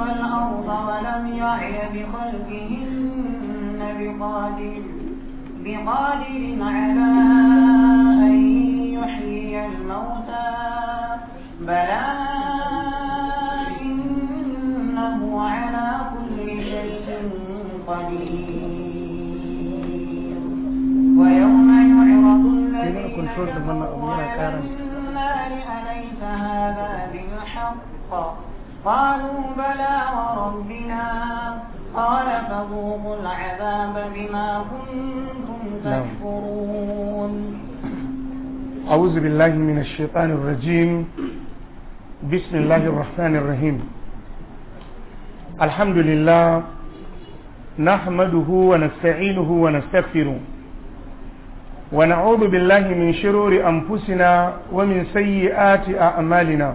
والأرض ولم يعي بخلقهن بقادر بقادر على أن يحيي الموتى بلى إنه على كل شيء قدير ويوم يعرض الذين كفروا النار أليس هذا بالحق قالوا بلى وربنا قال فذوقوا العذاب بما كنتم تكفرون أعوذ بالله من الشيطان الرجيم بسم الله الرحمن الرحيم الحمد لله نحمده ونستعينه ونستغفره ونعوذ بالله من شرور أنفسنا ومن سيئات أعمالنا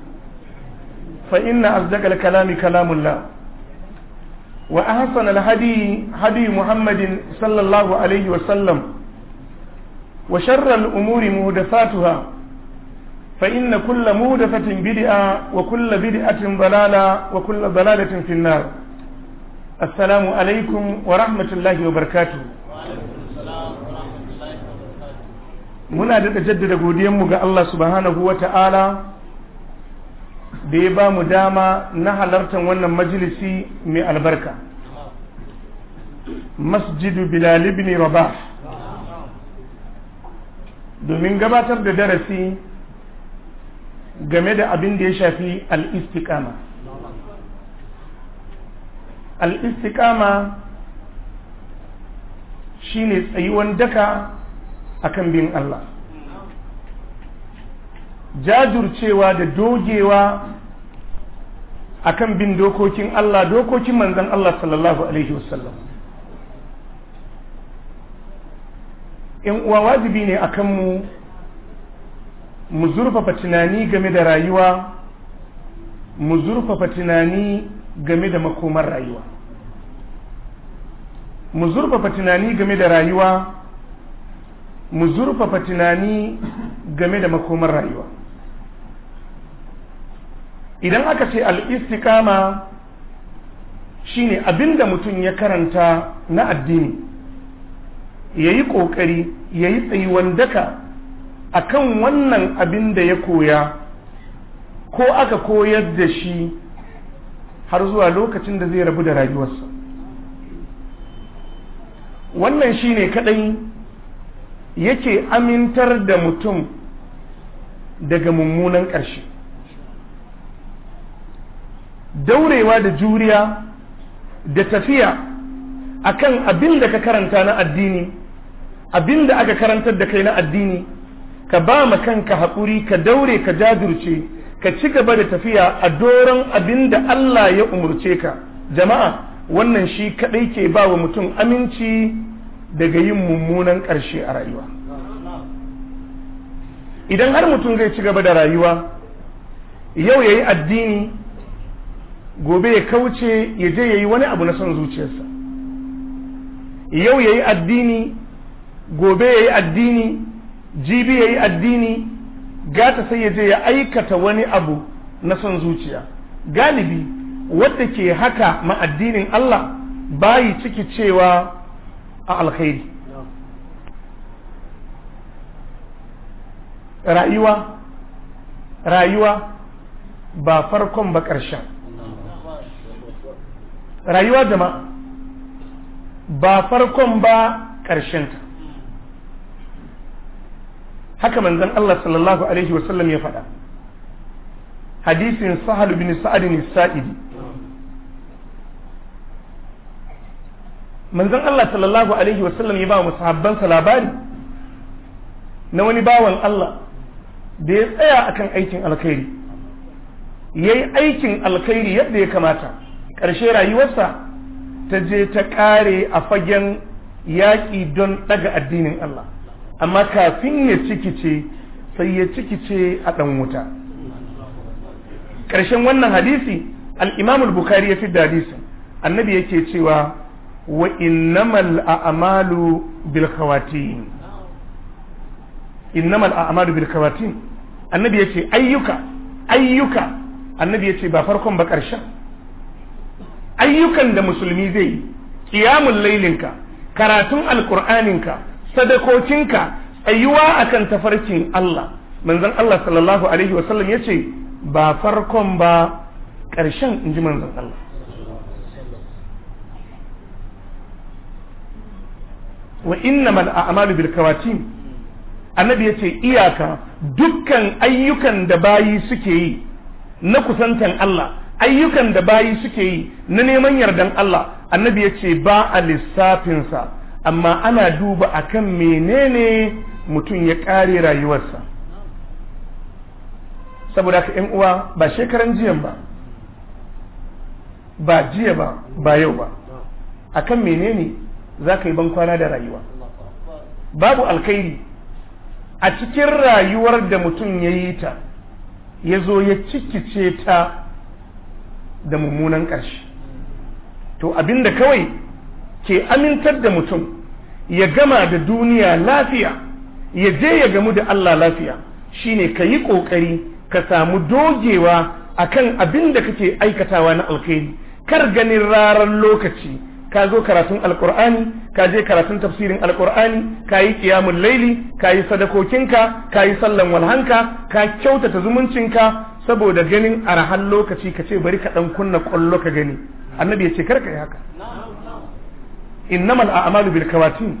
فإن أصدق الكلام كلام الله وأحسن الهدي هدي محمد صلى الله عليه وسلم وشر الأمور مهدفاتها فإن كل مهدفة بدعة وكل بدعة ضلالة وكل ضلالة في النار السلام عليكم ورحمة الله وبركاته muna daɗa jaddada godiyanmu ga Allah subhanahu wa ta'ala da ya ba mu dama na halartar wannan majalisi mai albarka masjidu bilal ibn rabah domin gabatar da darasi game da abin da ya shafi al istiqama shine tsayuwan daka akan bin Allah jajurcewa da dogewa akan bin dokokin Allah dokokin manzon Allah sallallahu alaihi wasallam in uwa wajibi ne akan mu mu zurfafa tunani game da rayuwa mu zurfafa tunani game da makomar rayuwa mu zurfafa tunani game da rayuwa mu zurfafa tunani game da makomar rayuwa idan aka ce al'istikama shine abinda mutum ya karanta na addini ya yi ƙoƙari ya yi tsayuwan daka a kan wannan abin da ya koya ko aka koyar da shi har zuwa lokacin da zai rabu da rayuwarsa wannan shi ne kaɗai yake amintar da mutum daga mummunan ƙarshe daurewa da juriya da tafiya akan abin da ka karanta na addini abin da aka karantar da kai na addini ka ba ma kanka haƙuri ka daure ka jajirce ka ci gaba da tafiya a doron abin da Allah ya umurce ka jama'a wannan shi kaɗai ke ba wa mutum aminci daga yin mummunan ƙarshe a rayuwa idan har mutum zai ci gaba da rayuwa yau ya yi addini gobe ya kauce ya je ya yi wani abu na son zuciyarsa yau ya yi addini gobe ya yi addini jibi ya yi addini gata sai ya je ya aikata wani abu na son zuciya galibi wadda ke haka ma addinin Allah bayi ciki cewa a alkhairi rayuwa rayuwa ba farkon ba ƙarshen rayuwa jama'a ba farkon ba ƙarshenta haka manzon Allah sallallahu alaihi wasallam ya faɗa hadisin sahal bin sa'ad bin sa'idi manzon Allah sallallahu alaihi wasallam ya ba wa sahabbansa labari na wani bawan Allah da ya tsaya akan aikin alkhairi ya yi aikin alkhairi yadda ya kamata ƙarshe rayuwarsa ta je ta ƙare a fagen yaƙi don ɗaga addinin Allah amma kafin ya cikice sai ya cikice a ɗan wuta ƙarshen wannan hadisi al bukari ya fi hadisi annabi yake cewa wa innamal a'malu bilkawatin innamal a a'malu bilkawatin Annabi annabi yace ayyuka ayyuka annabi ce ba farkon ba ƙarshen ayyukan da musulmi zai yi kiyamun lailinka karatun alkur'aninka sadakokinka tsayuwa akan tafarkin Allah manzon Allah sallallahu alaihi wasallam ya ce ba farkon ba ƙarshen in ji manzon Allah wa innamal a'malu bil kawatin annabi yace iyaka dukkan ayyukan da bayi suke yi na kusantan Allah ayyukan da bayi suke yi na neman yardan Allah annabi ya ce ba a lissafinsa amma ana duba akan menene mutum ya ƙare rayuwarsa saboda ka ‘yan uwa ba shekaran jiyan ba ba jiya ba ba yau ba akan menene za ka yi bankwana da rayuwa babu alkhairi a cikin rayuwar da mutum ya yi ta ya zo ya cikice ta da mummunan ƙarshe to abinda kawai ke amintar da mutum ya gama da duniya lafiya ya je ya gamu da Allah lafiya shine ka yi ƙoƙari ka samu dogewa kan abin da kake aikatawa na alkhairi kar ganin rarar lokaci ka zo karatun alkur'ani ka je karatun tafsirin alkur'ani ka yi kiyamun laili ka yi sadakokinka ka yi sallan walhanka ka kyautata zumuncinka saboda ganin arahan lokaci ka ce bari ka dan kunna kwallo ka gani annabi ya ce karka yi haka innamal a'malu bil kawatin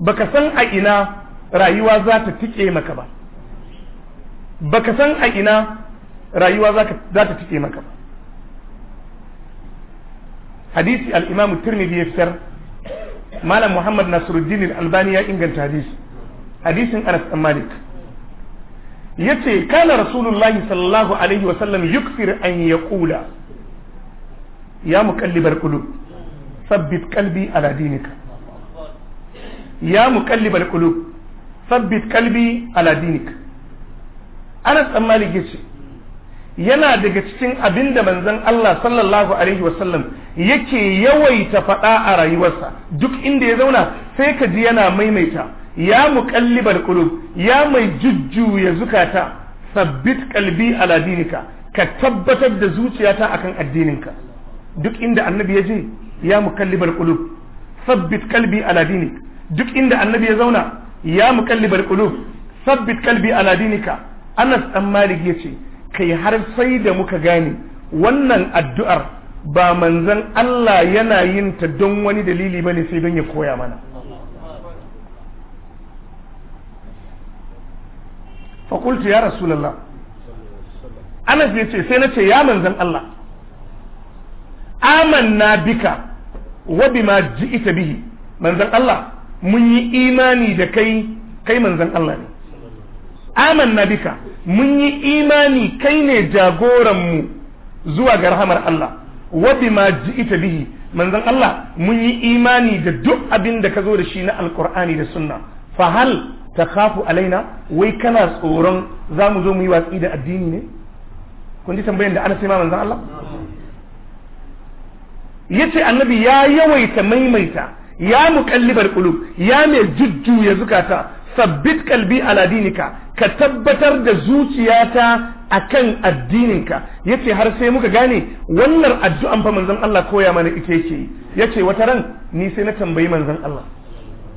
baka san a ina rayuwa za ta tike maka ba baka san a ina rayuwa za ta tike maka ba hadisi al-imamu tirmidhi ya fitar malam muhammad nasiruddin al-albani ya inganta hadisi hadisin anas malik yace kana rasulullahi sallallahu alaihi wa sallam yukthir an yaqula ya muqallibar qulub thabbit qalbi ala dinika ya muqallibar qulub thabbit qalbi ala dinika ana tsammali Malik yace yana daga cikin abinda manzon Allah sallallahu alaihi wa sallam yake yawaita faɗa a rayuwarsa duk inda ya zauna sai ka ji yana maimaita ya muƙallibar qulub ya mai jujjuya zukata sabbit qalbi ala dinika ka tabbatar da zuciyata akan addininka duk inda annabi ya je ya muqallibal qulub sabbit qalbi ala dinik duk inda annabi ya zauna ya muqallibal qulub sabbit qalbi ala dinika Anas dan Malik yace kai har sai da muka gane wannan addu'ar ba manzon Allah yana yin ta don wani dalili bane sai don ya koya mana fa qultu ya rasulullah Anas ya ce sai na ce ya manzan Allah amanna bika wa bima ji'ita bihi manzan Allah mun yi imani da kai kai manzan Allah ne amanna bika mun yi imani kai ne jagoran mu zuwa ga rahamar Allah wa bima ji'ita bihi manzan Allah mun yi imani da duk abin da ka zo da shi na alkur'ani da sunna fa hal ta khafu alaina wai kana tsoron za mu zo mu yi watsi da addini ne kun ji tambayar da ana sai ma manzan Allah ya annabi ya yawaita maimaita ya muqallibal qulub ya mai jujjuya zukata sabbit kalbi ala dinika ka tabbatar da zuciyata akan addininka yace har sai muka gane wannan addu'an fa manzon Allah koya mana ita yake yace wata ran ni sai na tambayi manzon Allah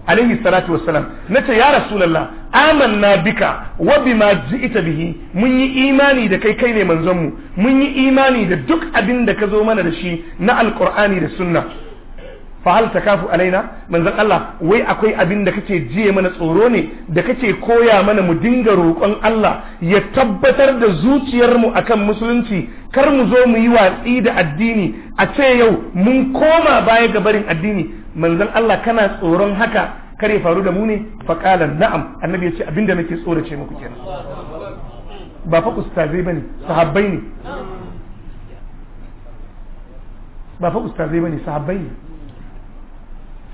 alaihi salatu wassalam nace ya rasulallah amanna bika wa bima ji'ita bihi mun yi imani da kai kai ne manzon mu mun yi imani da duk abin da ka zo mana da shi na alqur'ani da sunna fa hal takafu alaina manzon Allah wai akwai abin da kace jiye mana tsoro ne da kace koya mana mu dinga roƙon Allah ya tabbatar da zuciyar mu akan musulunci kar mu zo mu yi watsi da addini a ce yau mun koma baya ga barin addini manzon Allah kana tsoron haka kare faru da mu ne fa qala na'am annabi ya ce abinda nake tsorace muku kenan ba fa ustazai bane sahabbai ne ba fa ustazai bane sahabbai ne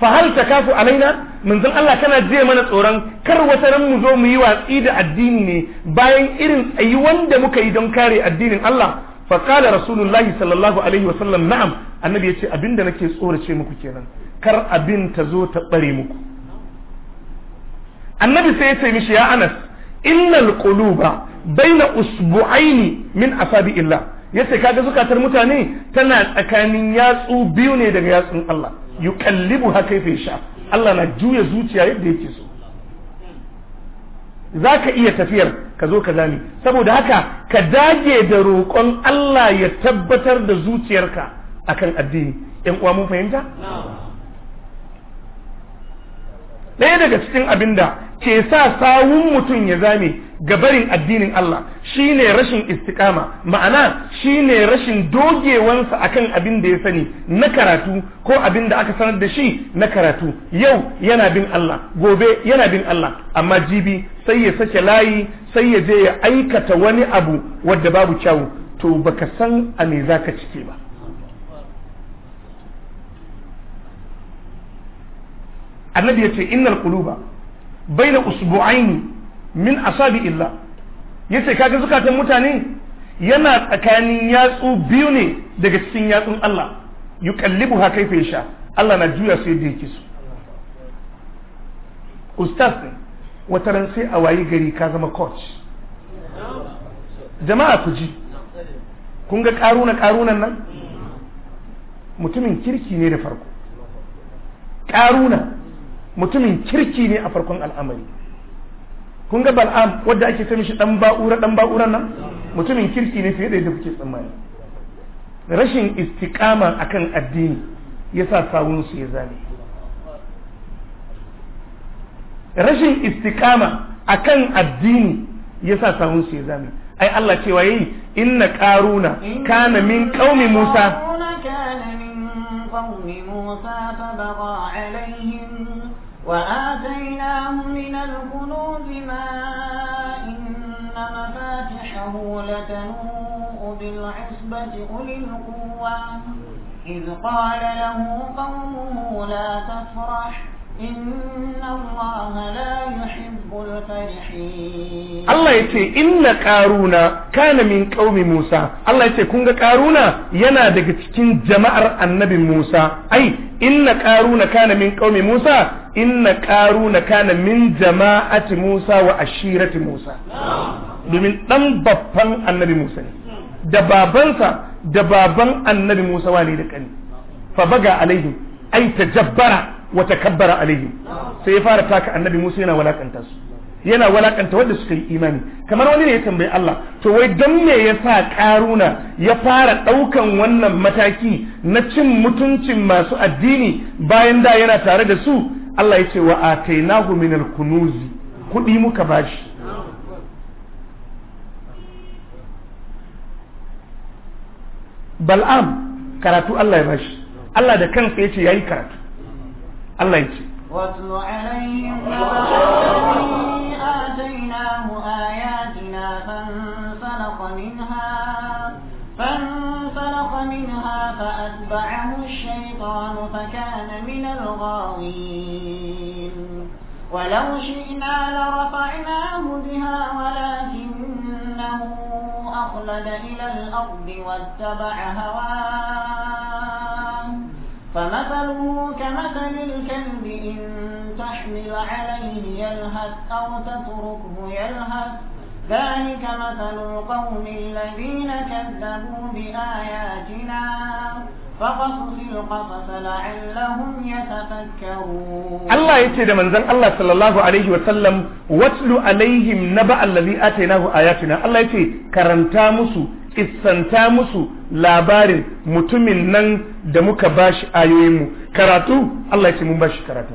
fa hal takafu alaina manzon Allah kana jiya mana tsoron kar wata ran mu zo mu yi watsi da addini ne bayan irin tsayuwan wanda muka yi don kare addinin Allah faƙalar rasulullahi sallallahu alaihi wasallam na'am annabi ya ce abinda nake tsorace muku kenan kar abin ta zo ta ɓare muku annabi sai ya ce mishi ya anas innal quluba baina usbu'aini min asabi'illah yace kaga zukatar mutane tana tsakanin yatsu biyu ne daga yatsun Allah yuqallibu ha kaifa yasha Allah na juya zuciya yadda yake so za ka iya tafiyar ka zo ka zame saboda haka ka dage da roƙon Allah ya tabbatar da zuciyarka akan addini ‘yan uwa mun fahimta? ɗaya daga cikin abin da ke sa sawun mutum ya zame ga barin addinin Allah shi ne rashin istikama ma'ana shi ne rashin dogewansa a kan abin da ya sani na karatu ko abin da aka sanar da shi na karatu yau yana bin Allah gobe yana bin Allah amma jibi sai ya sake layi sai ya je ya aikata wani abu wadda babu kyawu to baka san a me zaka cike ba annabi ya ce innal quluba baina usbu'aini min asabi illa yace kaga zukatan mutane yana tsakanin yatsu biyu ne daga cikin yatsun Allah yuqallibuha kayfa yasha Allah na juya sai yadda yake so ustaz ne wata ran sai a wayi gari ka zama coach jama'a ku ji kun ga karuna karunan nan mutumin kirki ne da farko karuna mutumin kirki ne a farkon al'amari kun ga bal'am wadda ake sami mishi dan ba'ura dan ba'ura nan mutumin kirki ne fiye da yadda kuke tsammani rashin istiqama akan addini yasa sawun su ya zame rashin istiqama akan addini yasa sawun su ya zame ai Allah cewa yayi inna qaruna kana min qaumi musa kana min qaumi musa fa baqa alaihi وآتيناه من الكنوز ما إن مفاتحه لتنوء بالعصبة أولي القوة إذ قال له قومه لا تفرح Allah ya ce inna ƙaruna kana min ƙaumi Musa Allah ya ce kun ga ƙaruna yana daga cikin jama'ar annabi Musa ai inna ƙaruna kana min ƙaumi Musa inna ƙaruna kana min jama'ati Musa wa ashirati Musa domin ɗan babban annabi Musa ne da babansa da baban annabi Musa wani da ƙani fa baga alaihim ai tajabbara wa takabbara alaihim sai ya fara taka annabi Musa yana walakanta su yana walakanta wanda suka yi imani kamar wani ne ya tambayi Allah to wai dan me yasa karuna ya fara daukan wannan mataki na cin mutuncin masu addini bayan da yana tare da su Allah ya ce wa atainahu minal kunuzi kudi muka bashi bal'am karatu Allah ya bashi Allah da kansa ya ce yayi karatu Allah yake واتل عليهم الذي آتيناه آياتنا فانسلخ منها فانسلخ منها فأتبعه الشيطان فكان من الغاوين ولو شئنا لرفعناه بها ولكنه أخلد إلى الأرض واتبع هواه فمثله كمثل الكلب إن تحمل عليه يلهث أو تتركه يلهث ذلك مثل القوم الذين كذبوا بآياتنا Allah ya ce da manzon Allah sallallahu alaihi wa sallam watlu alaihim naba allazi atainahu ayatina Allah ya ce karanta musu isanta musu labarin mutumin nan da muka bashi ayoyinmu karatu Allah ce mun bashi karatu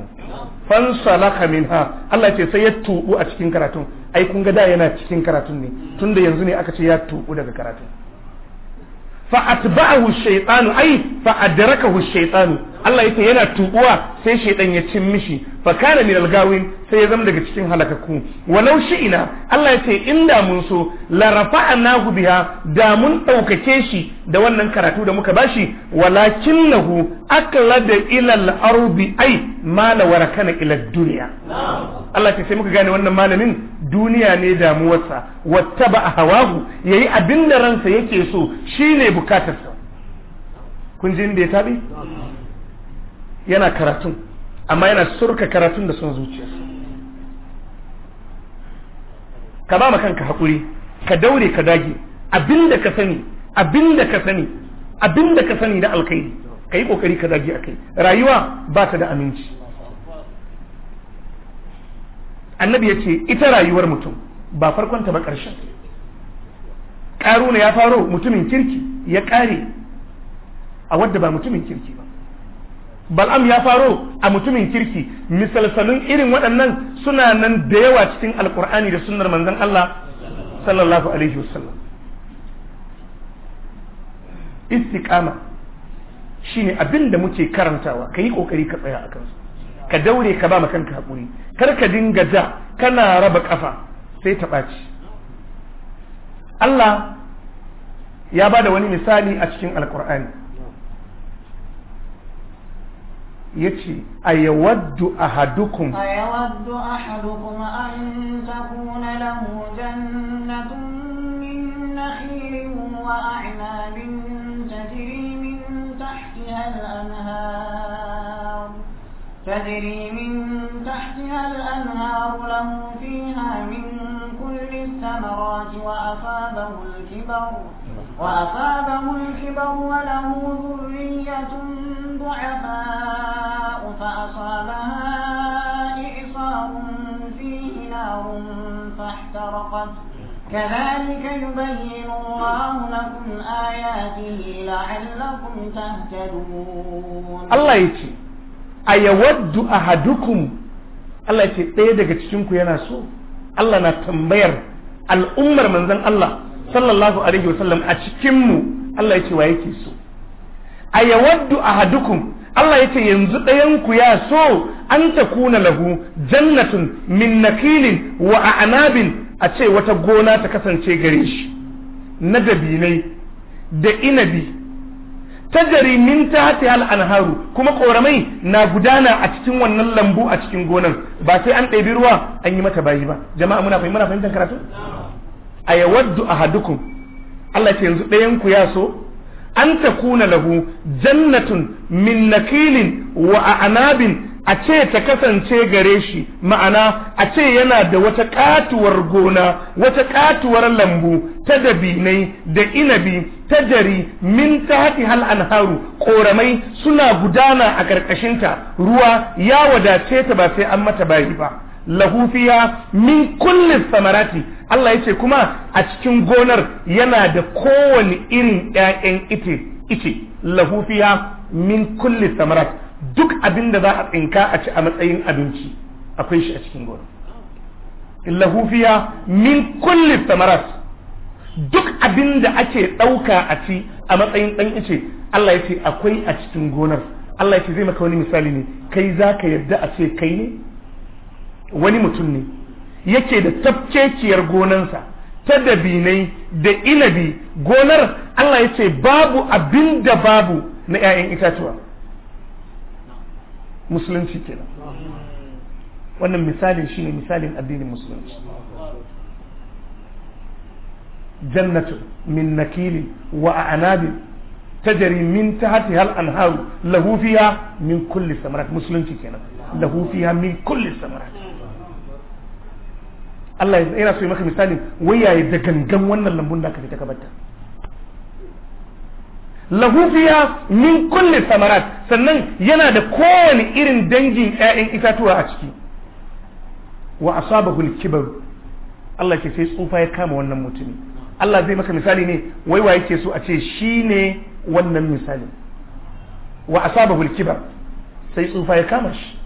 salaka minha Allah ya ce sai ya tubu a cikin karatu. ai kun ga da yana cikin karatu ne tunda yanzu ne aka ce ya tubu daga karatu. fa atba'ahu shaytanu ai fa adrakahu shaytanu Allah yake yana tuɓuwa sai shaidan ya cin mishi fa kana min algawin sai ya zama daga cikin halakaku walau shi'ina Allah yace inda mun so la rafa'nahu biha da mun daukake shi da wannan karatu da muka bashi walakinnahu aklada ila al-ardi ay mala warakana ila ad-dunya Allah ce sai muka gane wannan malamin duniya ne damuwarsa wattaba hawahu yayi da ransa yake so shine bukatarsa kun ji inda ya tabi yana karatun amma yana surka karatun da son zuciyarsa ka ba kanka haƙuri ka daure ka dage abinda ka sani abinda ka sani abinda ka sani na alkhairi ka yi ƙoƙari ka dage a kai rayuwa ba ta da aminci annabi ya ce ita rayuwar mutum ba farkonta ba ƙarshen ƙaruna ya faro mutumin kirki ya ƙare a wadda ba mutumin kirki ba bal'am ya faro a mutumin kirki misalsalun irin waɗannan suna nan da yawa cikin Alƙur'ani da sunar manzan Allah sallallahu alaihi wasallam istiqama shine abin da muke karantawa ka yi ƙoƙari ka tsaya a kansu ka daure ka ba ma kanka haƙuri kar ka dinga ja kana raba ƙafa sai ta ɓaci Allah ya ba da wani misali a cikin alkur'ani yace ayawaddu ahadukum ayawaddu ahadukum an takuna lahu jannatun min nakhilin wa a'nabin tajri min tahtiha al-anhar tajri min tahtiha al-anhar lahu fiha min الثمرات وأصابه الكبر وأصابه الكبر وله ذرية ضعفاء فأصابها إعصار فيه نار فاحترقت كذلك يبين الله لكم آياته لعلكم تهتدون الله يتي أيود أحدكم Allah ce ɗaya daga cikinku yana so Allah na tambayar al'ummar manzon Allah sallallahu alaihi wasallam a cikin mu Allah ya ce wa yake so a yawaddu ahadukum Allah ya ce yanzu ku ya so an ta kuna lahu jannatun min nakilin wa anabin a ce wata gona ta kasance gare shi na dabinai da inabi tajari min tahti al-anharu kuma koramai na gudana a cikin wannan lambu a cikin gonar ba sai an ɗebi ruwa an yi mata bayi ba jama'a muna fahimta muna fahimtar karatu a yawaddu ahadukum Allah ce yanzu ɗayan ku ya so an takuna lahu jannatun min nakilin wa anabin a ce ta kasance gare shi ma'ana a ce yana da wata katuwar gona wata katuwar lambu ta dabinai da inabi ta jari min ta haɗi hal anharu ƙoramai suna gudana a ƙarƙashinta ruwa ya wadace ta ba sai an mata bayi ba lahufiya min kulli samarati Allah yace kuma a cikin gonar yana da kowane irin ya'yan ite ite lahu min kulli samarati. duk abin da za a tsinka a ci a matsayin abinci akwai shi a cikin gona Illa hufiya min kulli samarat duk abin da ake ɗauka a ci a matsayin ɗan ice Allah ya ce akwai a cikin gonar Allah ya ce zai maka wani misali ne kai za ka yarda a ce kai ne wani mutum ne yake da tafkekiyar gonansa ta dabinai da inabi gonar Allah ya ce babu abin da babu na 'ya'yan itatuwa musulunci kenan wannan misalin shine misalin addinin musulunci jannatu min nakili wa a'nabin tajari min tahti hal anharu lahu fiha min kulli samarat musulunci kenan lahu fiha min kulli samarat Allah ya tsira su maka misalin wai yayi da gangan wannan lambun da aka fita ka batta lahu fiya min kulli samarat sannan yana da kowane irin dangin ƴaƴan itatuwa a ciki wa asabahu al-kibar Allah ke sai tsufa ya kama wannan mutumi Allah zai maka misali ne wai wa yake so a ce shine wannan misali wa asabahu al-kibar sai tsufa ya kama shi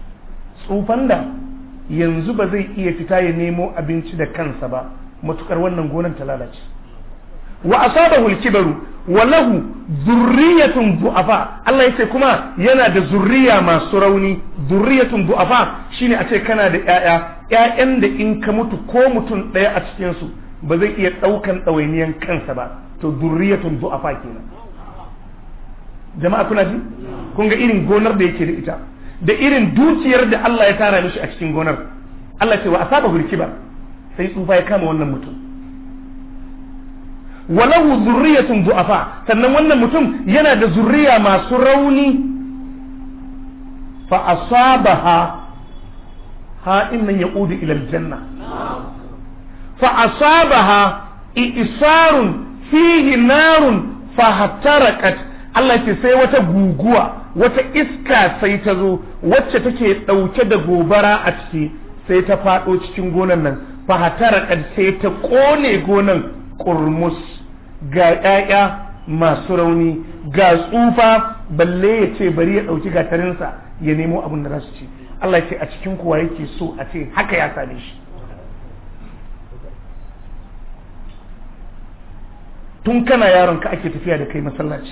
tsufan da yanzu ba zai iya fita ya nemo abinci da kansa ba matukar wannan gonan ta lalace wa asabahu al-kibaru wa lahu zurriyatun du'afa Allah yace kuma yana da zurriya masu rauni zurriyatun du'afa shine a ce kana da ƴaƴa ƴaƴan da in ka mutu ko mutum ɗaya a cikin su ba zai iya ɗaukan ɗawainiyan kansa ba to zurriyatun du'afa kenan jama'a kuna ji kun irin gonar da yake da ita da irin dukiyar da Allah ya tara mishi a cikin gonar Allah ce wa asabahu al-kibar sai tsufa ya kama wannan mutum walahu zurriyatun du'afa sannan wannan mutum yana da zurriya masu rauni fa asabaha ha innan yaudu ila aljanna fa asabaha isarun fihi narun fa Allah ke sai wata guguwa wata iska sai ta zo wacce take dauke da gobara a ciki sai ta fado cikin gonan nan fa sai ta kone gonan ƙurmus. ga ƴaƴa masu rauni ga tsufa balle ya ce bari ya ɗauki gatarinsa ya nemo abin da su ci Allah ce a cikin kowa yake so a ce haka ya same shi tun kana yaron ka ake tafiya da kai masallaci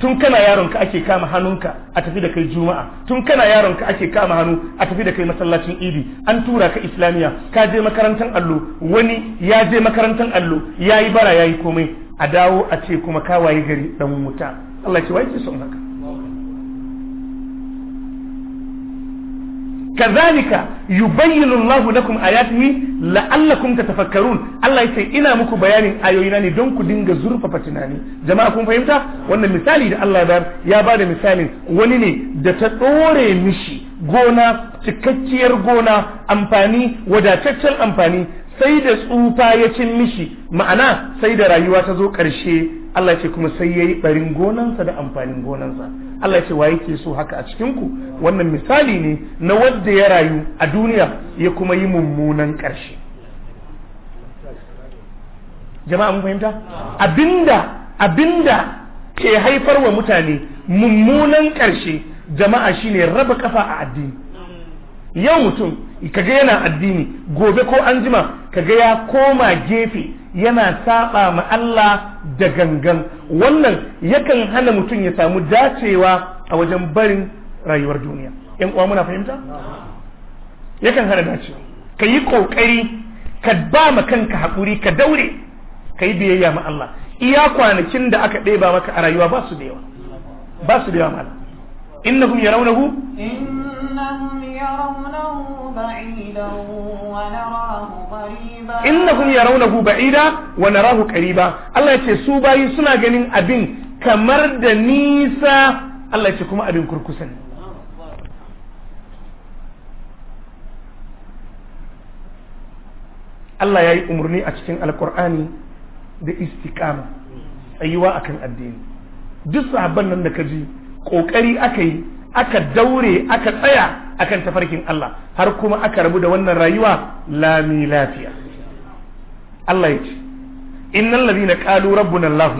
tun kana yaronka ake kama hannunka a tafi da kai juma'a tun kana yaronka ake kama hannu a tafi da kai masallacin idi an tura ka islamiya ka je makarantar allo wani ya je makarantar allo ya yi bara ya yi komai a dawo a ce kuma ka waye gari dan wuta Allah ce wai ce son haka kazalika yubayyinu Allah lakum ayatihi la'allakum tatafakkarun Allah yace ina muku bayanin ayoyina ne don ku dinga zurfafa tunani jama'a kun fahimta wannan misali da Allah ya ba da misalin wani ne da ta ɗore mishi gona cikakkiyar gona amfani wadataccen amfani sai da tsufa ya cin mishi ma'ana sai da rayuwa ta zo ƙarshe Allah ce kuma sai yayi barin gonansa da amfanin gonansa Allah ce wa yake so haka a cikin ku wannan misali ne na wanda ya rayu a duniya ya kuma yi mummunan ƙarshe jama'a mun fahimta abinda abinda ke haifar wa mutane mummunan ƙarshe jama'a shine raba kafa a addini yau mutum kaga yana addini gobe ko anjima kaga ya koma gefe yana saba ma Allah da gangan wannan yakan hana mutum ya samu dacewa a wajen barin rayuwar duniya yan uwa muna fahimta yakan hana dacewa ka yi ƙoƙari, ka ba ma kanka haƙuri ka daure ka yi biyayya ma Allah iya kwanakin da aka ɗeba maka a rayuwa ba su da yawa ba su da yawa mala innahum yarawnahu innahum yarawnahu in na kun yara hu ba'ida wa na rahu ƙariba Allah ce su bayi suna ganin abin kamar da nisa Allah ce kuma abin kurkusa Allah ya yi umarni a cikin alkur'ani da istiƙama tsayuwa akan addini duk sahabban nan da kaji ƙoƙari aka yi aka daure aka tsaya akan tafarkin Allah har kuma aka rabu da wannan rayuwa lami lafiya Allah ya ce innal ika qalu Allah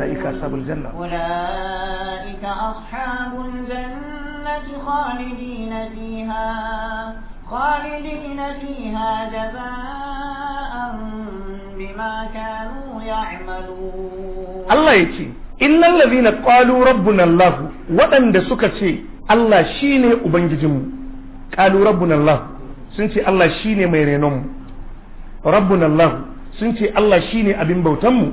أولئك أصحاب الجنة أولئك أصحاب الجنة الجنة خالدين فيها خالدين فيها جزاء بما كانوا يعملون الله يتي إن الذين قالوا ربنا الله وأن Allah shi ne Ubangijinmu, ƙalu rabbun Allah sun ce Allah shi ne mai renonmu, rabbun sun ce Allah shi ne abin bautanmu,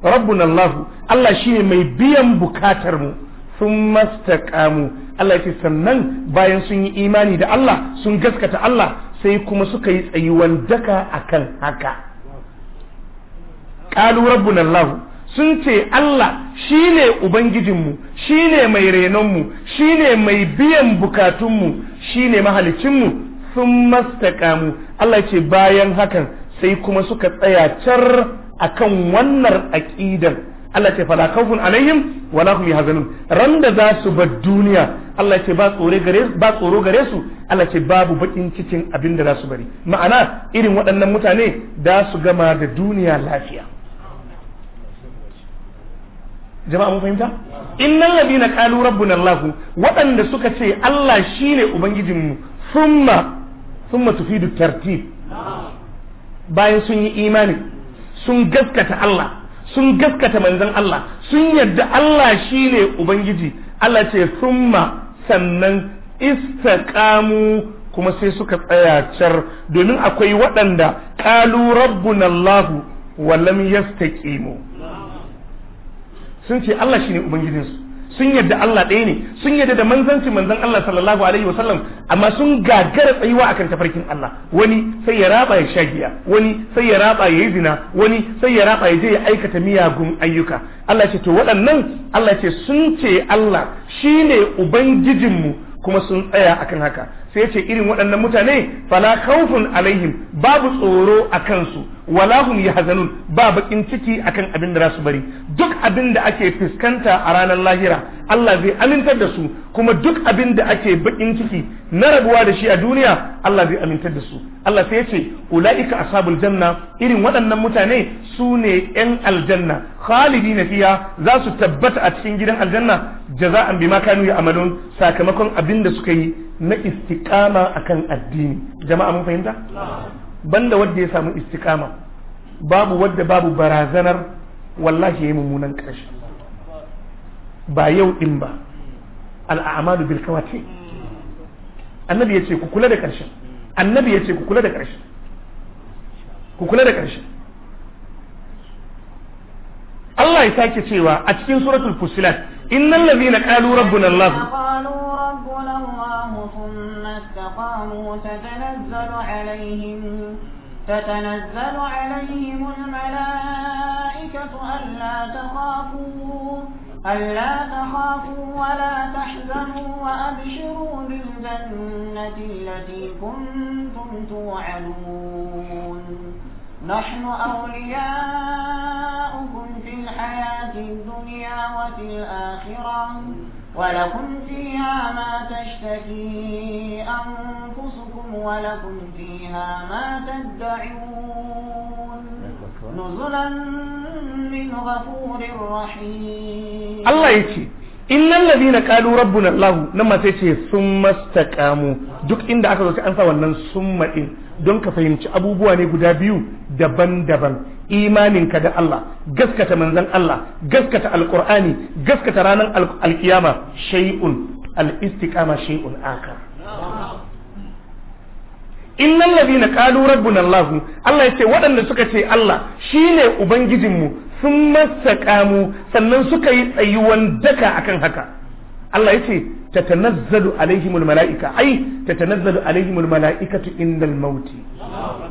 rabbun Allah Allah shi ne mai biyan mu. sun mastakamu Allah ce sannan bayan sun yi imani da Allah sun gaskata Allah sai kuma suka yi tsayuwan daka akan haka qalu rabbuna Allah sun ce Allah shine ubangijinmu shine mai renonmu shine mai biyan bukatunmu shine mahalicinmu sun mastakamu Allah ce bayan hakan sai kuma suka tsaya car akan wannan aƙidan Allah ce fala khawfun alaihim wala hum yahzanun ran da za su bar duniya Allah ce ba tsoro gare ba tsoro gare su Allah ce babu bakin cikin abin da za su bari ma'ana irin waɗannan mutane da su gama da duniya lafiya jama'a mun fahimta innal ladina qalu rabbuna allah waɗanda suka ce Allah shine ubangijinmu thumma thumma tufidu tartib bayan sun yi imani sun gaskata Allah sun gaskata manzon Allah sun yarda Allah shine ubangiji Allah ce summa sannan istaqamu kuma sai suka tsaya car domin akwai waɗanda qalu rabbuna Allah wa lam yastaqimu sun ce Allah shine ubangijinsu sun yadda Allah ɗaya ne sun yadda da manzanci manzan Allah sallallahu alaihi wasallam amma sun gagara tsayuwa akan tafarkin Allah wani sai ya raba ya sha giya wani sai ya raba ya yi zina wani sai ya raba ya je ya aikata miyagun ayyuka Allah ce to waɗannan Allah ce sun ce Allah shine ubangijinmu kuma sun tsaya akan haka sai ce irin waɗannan mutane fala khawfun alaihim babu tsoro a kansu wala hum yahzanun ba bakin ciki akan abin da su bari duk abin da ake fuskanta a ranar lahira Allah zai amintar da su kuma duk abin da ake bakin ciki na rabuwa da shi a duniya Allah zai amintar da su Allah sai ce ulaika ashabul janna irin waɗannan mutane su ne yan aljanna khalidina fiya za su tabbata a cikin gidan aljanna jaza'an bima kanu ya'malun sakamakon abinda da suka yi na istiqama akan addini jama'a mun fahimta banda wanda ya samu istiqama babu wadda babu barazanar wallahi yayi mummunan karshe ba yau din ba al'amalu bil kawati annabi yace ku kula da annabi yace ku kula da karshen ku kula da Allah ya sake cewa a cikin suratul fusilat إن الذين قالوا ربنا الله قالوا ربنا الله ثم استقاموا تتنزل عليهم تتنزل عليهم الملائكة ألا تخافوا ألا تخافوا ولا تحزنوا وأبشروا بالجنة التي كنتم توعدون نحن أولياؤكم الحياة الدنيا وفي الآخرة ولكم فيها ما تشتهي أنفسكم ولكم فيها ما تدعون نزلا من غفور رحيم الله يكي Innan ladina qalu rabbuna allah nan ma sai ce summa duk inda aka zo sai an sa wannan summa din don ka fahimci abubuwa ne guda biyu daban-daban imaninka da Allah gaskata manzon Allah gaskata alqur'ani gaskata ranar alkiyama shay'un al-istiqama shay'un akar Innan ladina qalu rabbuna allah Allah ce waɗanda suka ce Allah shine ubangijinmu sun mastaqamu sannan suka yi tsayuwan daka akan haka Allah ta tatanazzalu alaihimul malaika ai tatanazzalu alaihimul malaikatu indal mauti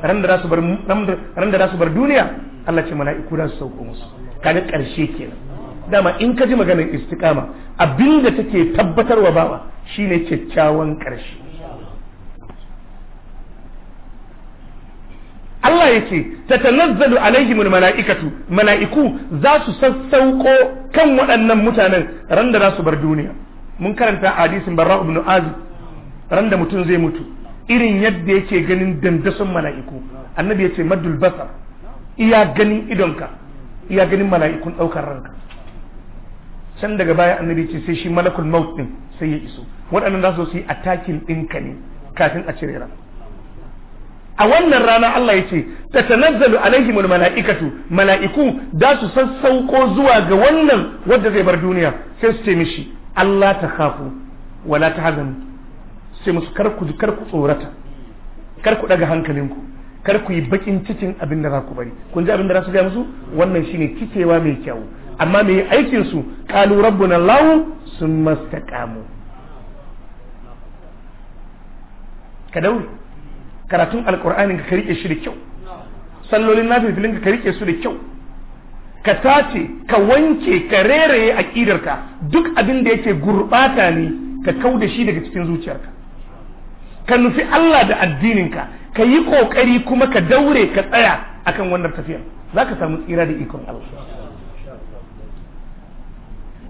ran da su bar ran da su bar duniya Allah ce malaiku da su sauko musu kaga karshe kenan dama in ka ji maganar istiqama abinda take tabbatarwa bawa shine kyakkyawan karshe Allah ya ce ta tatanazzalu alaihimul mala'ikatu mala'iku za su sassauko kan waɗannan mutanen ran za su bar duniya mun karanta hadisin barra ibn azib ran da mutum zai mutu irin yadda yake ganin dandason mala'iku annabi ya ce maddul basa, iya ganin idonka iya ganin mala'ikun ɗaukar ranka can daga baya annabi ce sai shi malakul maut ɗin sai ya iso waɗannan za su yi attacking ɗinka ne kafin a cire ranka a wannan rana Allah ya ce ta tanazzalu alaihimul mala'ikatu mala'iku da su sassauko zuwa ga wannan wanda zai bar duniya sai su ce mishi Allah ta khafu wala ta hazanu sai musu kar ku kar ku tsorata kar ku daga hankalinku kar ku yi bakin cikin abin da za ku bari kun ji abin da za su ga musu wannan shine kicewa mai kyau amma mai aikin su qalu rabbuna Allah sun istaqamu ka karatun alkur'anin ka rike shi da kyau sallolin filin ka rike su da kyau ka tace ka wanke ka reraye aqidarka duk abin da yake gurbata ne ka kau da shi daga cikin zuciyarka ka nufi Allah da addininka ka yi kokari kuma ka daure ka tsaya akan wannan tafiyar zaka samu tsira da ikon Allah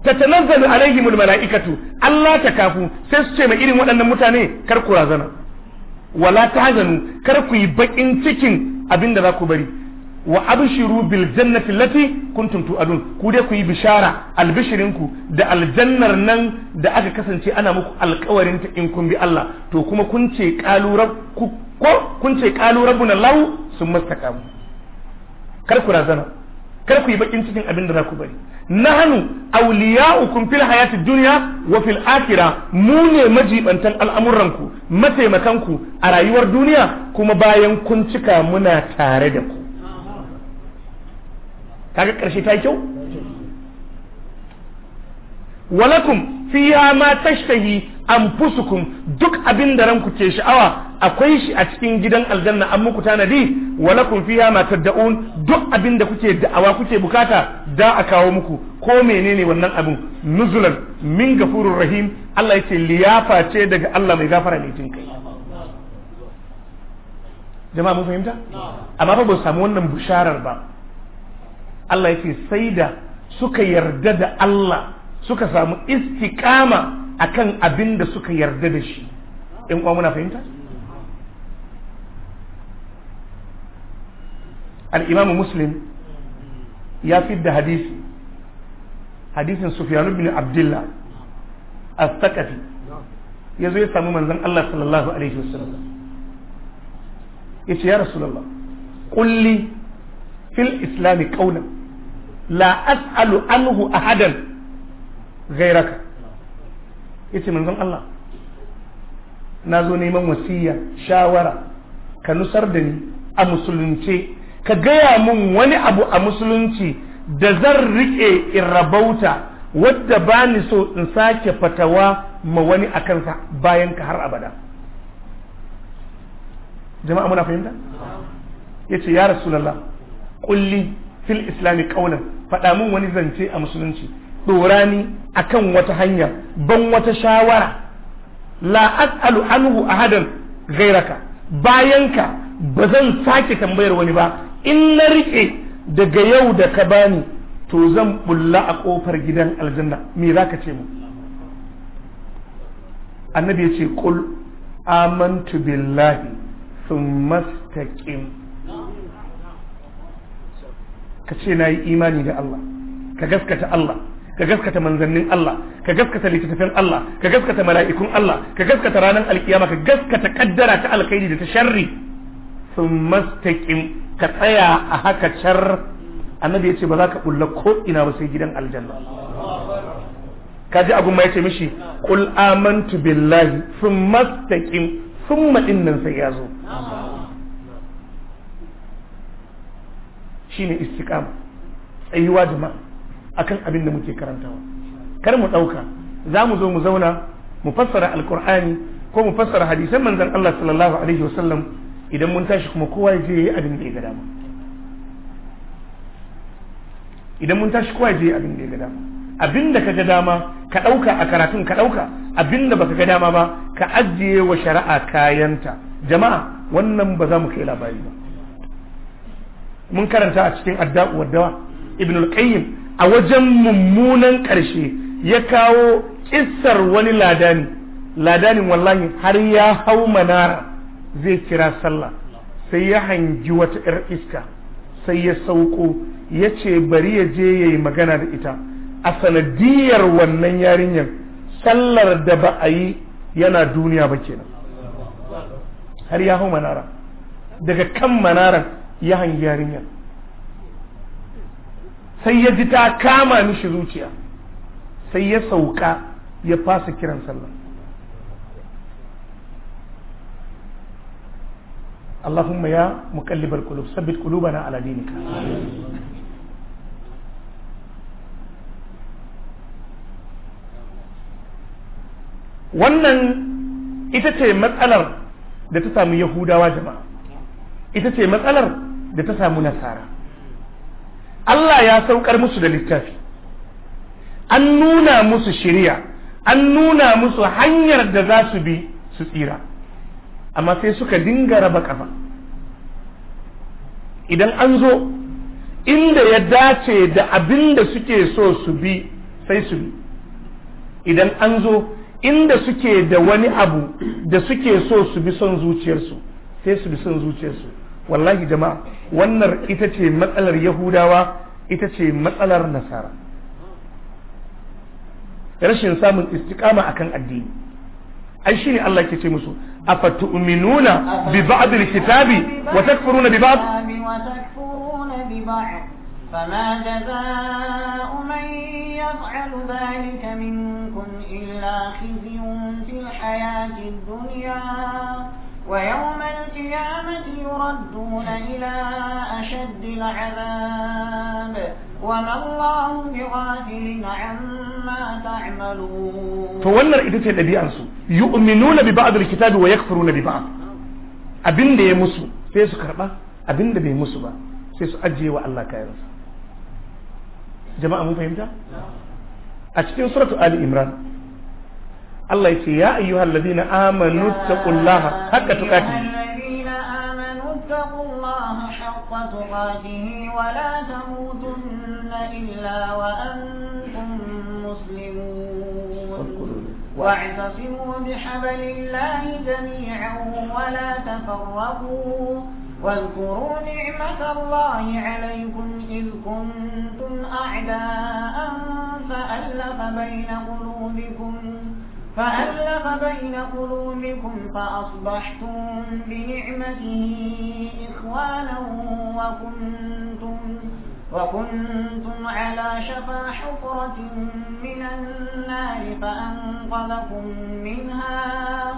tatanazzalu alaihimul mala'ikatu Allah ta kafu sai su ce mai irin waɗannan mutane kar ku razana wala tahzanu kar ku yi bakin cikin abinda za ku bari wa abshiru bil jannati lati kuntum tu'adun ku dai ku yi bishara albishirinku da aljannar nan da aka kasance ana muku alkawarin ta in kun bi Allah to kuma kun ce qalu ku ko kun ce qalu rabbuna law sun kar ku razana kar ku yi bakin cikin abin da za ku bari nahnu awliya'ukum fil hayati dunya wa fil mu ne majibantan al'amuran ku mataimakan ku a rayuwar duniya kuma bayan kun cika muna tare da ku kaga karshe ta yi kyau walakum ya ma tashtahi anfusukum duk abin da ranku ke sha'awa akwai shi a cikin gidan aljanna an muku tanadi walakum ya ma tad'un duk abin da kuke da'awa kuke bukata da a kawo muku ko menene wannan abin nuzulan min gafurur rahim Allah yake liyafa ce daga Allah mai gafara ne jin kai jama'a mun fahimta amma fa ba samu wannan bisharar ba Allah yake sai da suka yarda da Allah suka samu a kan abin da suka yarda da shi in kwa muna fahimta al-imamu muslim ya fi da hadisi hadisin Sufiyanu bin abdullah a as Ya zo ya samu manzan Allah sallallahu alaihi wasallam ce ya Rasulallah. Kulli fil islami qawlan la as'alu anhu ahadan gairaka yace manzon Allah na zo neman wasiya shawara ka nusar da ni a musulunce ka gaya mun wani abu a musulunci da zan riƙe in rabauta wadda ba ni so in sake fatawa ma wani a kansa bayan ka har abada jama'a muna fahimta ya ce ya rasulallah kulli fil islami kaunan faɗa min wani zance a musulunci dora ni akan wata hanya ban wata shawara la as'alu anhu ahadan ghairaka ka ba zan sake tambayar wani ba in na rike daga yau da ka bani to zan bulla a kofar gidan aljanna me zaka ce mu annabi ya ce qul amantu billahi thumma istaqim ka ce na yi imani da Allah ka gaskata Allah ka gaskata manzannin Allah ka gaskata littattafan Allah ka gaskata mala'ikun Allah ka gaskata ranar alkiyama ka gaskata kaddara ta alkhairi da ta sharri sun mastaƙin ka tsaya a haka char annabi yace ba za ka bulla ko ina ba sai gidan aljanna ji abun ma yace mishi qul amantu billahi sun mastaqim thumma sai ya zo ne istiqama tsayuwa jama'a akan abin da muke karantawa kar mu ɗauka za mu zo mu zauna mu fassara alkur'ani ko mu fassara hadisan manzon Allah sallallahu alaihi wasallam idan mun tashi kuma kowa ya je yayi abin da ya ga dama idan mun tashi kowa ya je yayi abin da ya ga dama abin da ka ga dama ka ɗauka a karatun ka ɗauka abin da baka ga dama ba ka ajiye wa shari'a kayanta jama'a wannan ba za mu kai labari ba mun karanta a cikin adda'u wadda ibn al-qayyim a wajen mummunan ƙarshe ya kawo kissar wani ladani ladanin wallahi har ya hau manara zai kira sallah sai ya hangi wata 'yar iska sai ya sauko ya ce bari ya je ya yi magana da ita a sanadiyar wannan yarinyar sallar da ba a yi yana duniya ba kenan har ya hau manara daga kan manaran ya hangi yarinyar sai ya ji ta kama mishi zuciya sai ya sauka ya fasa kiran sallah اللهم يا مقلب القلوب ثبت قلوبنا على دينك wannan ita ce matsalar da ta samu yahudawa jama'a ita ce matsalar da ta samu nasara Allah ya saukar musu da littafi an nuna musu shirya an nuna musu hanyar da za su bi su tsira amma sai suka dinga raba ƙafa idan an zo inda ya dace da abin da suke so su bi sai su bi idan an zo inda suke da wani abu da suke so su bi son zuciyarsu sai su bi son zuciyarsu wallahi jama'a wannan ita ce matsalar yahudawa ita ce matsalar nasara rashin samun istiqama akan addini ai shine Allah yake ce musu afatu'minuna bi ba'd al-kitabi wa takfuruna bi ba'd فما جزاء من يفعل ذلك منكم إلا خزي في الحياة الدنيا ويوم تردون إلى أشد العذاب وما الله بغافل عما تعملون فوالله إذا تلدي أنسو يؤمنون ببعض الكتاب ويكفرون ببعض أبن دي مسو سيسو كربا أبن دي مسو سيسو أجي وألا كايرس جماعة مو فهمتا؟ أشتين سورة آل إمران الله يسي يا أيها الذين آمنوا اتقوا الله حق تقاتل واتقوا الله حق تقاته ولا تموتن إلا وأنتم مسلمون واعتصموا بحبل الله جميعا ولا تفرقوا واذكروا نعمة الله عليكم إذ كنتم أعداء فألف بين قلوبكم فألف بين قلوبكم فأصبحتم بنعمته إخوانا وكنتم, وكنتم على شفا حفرة من النار فأنقذكم منها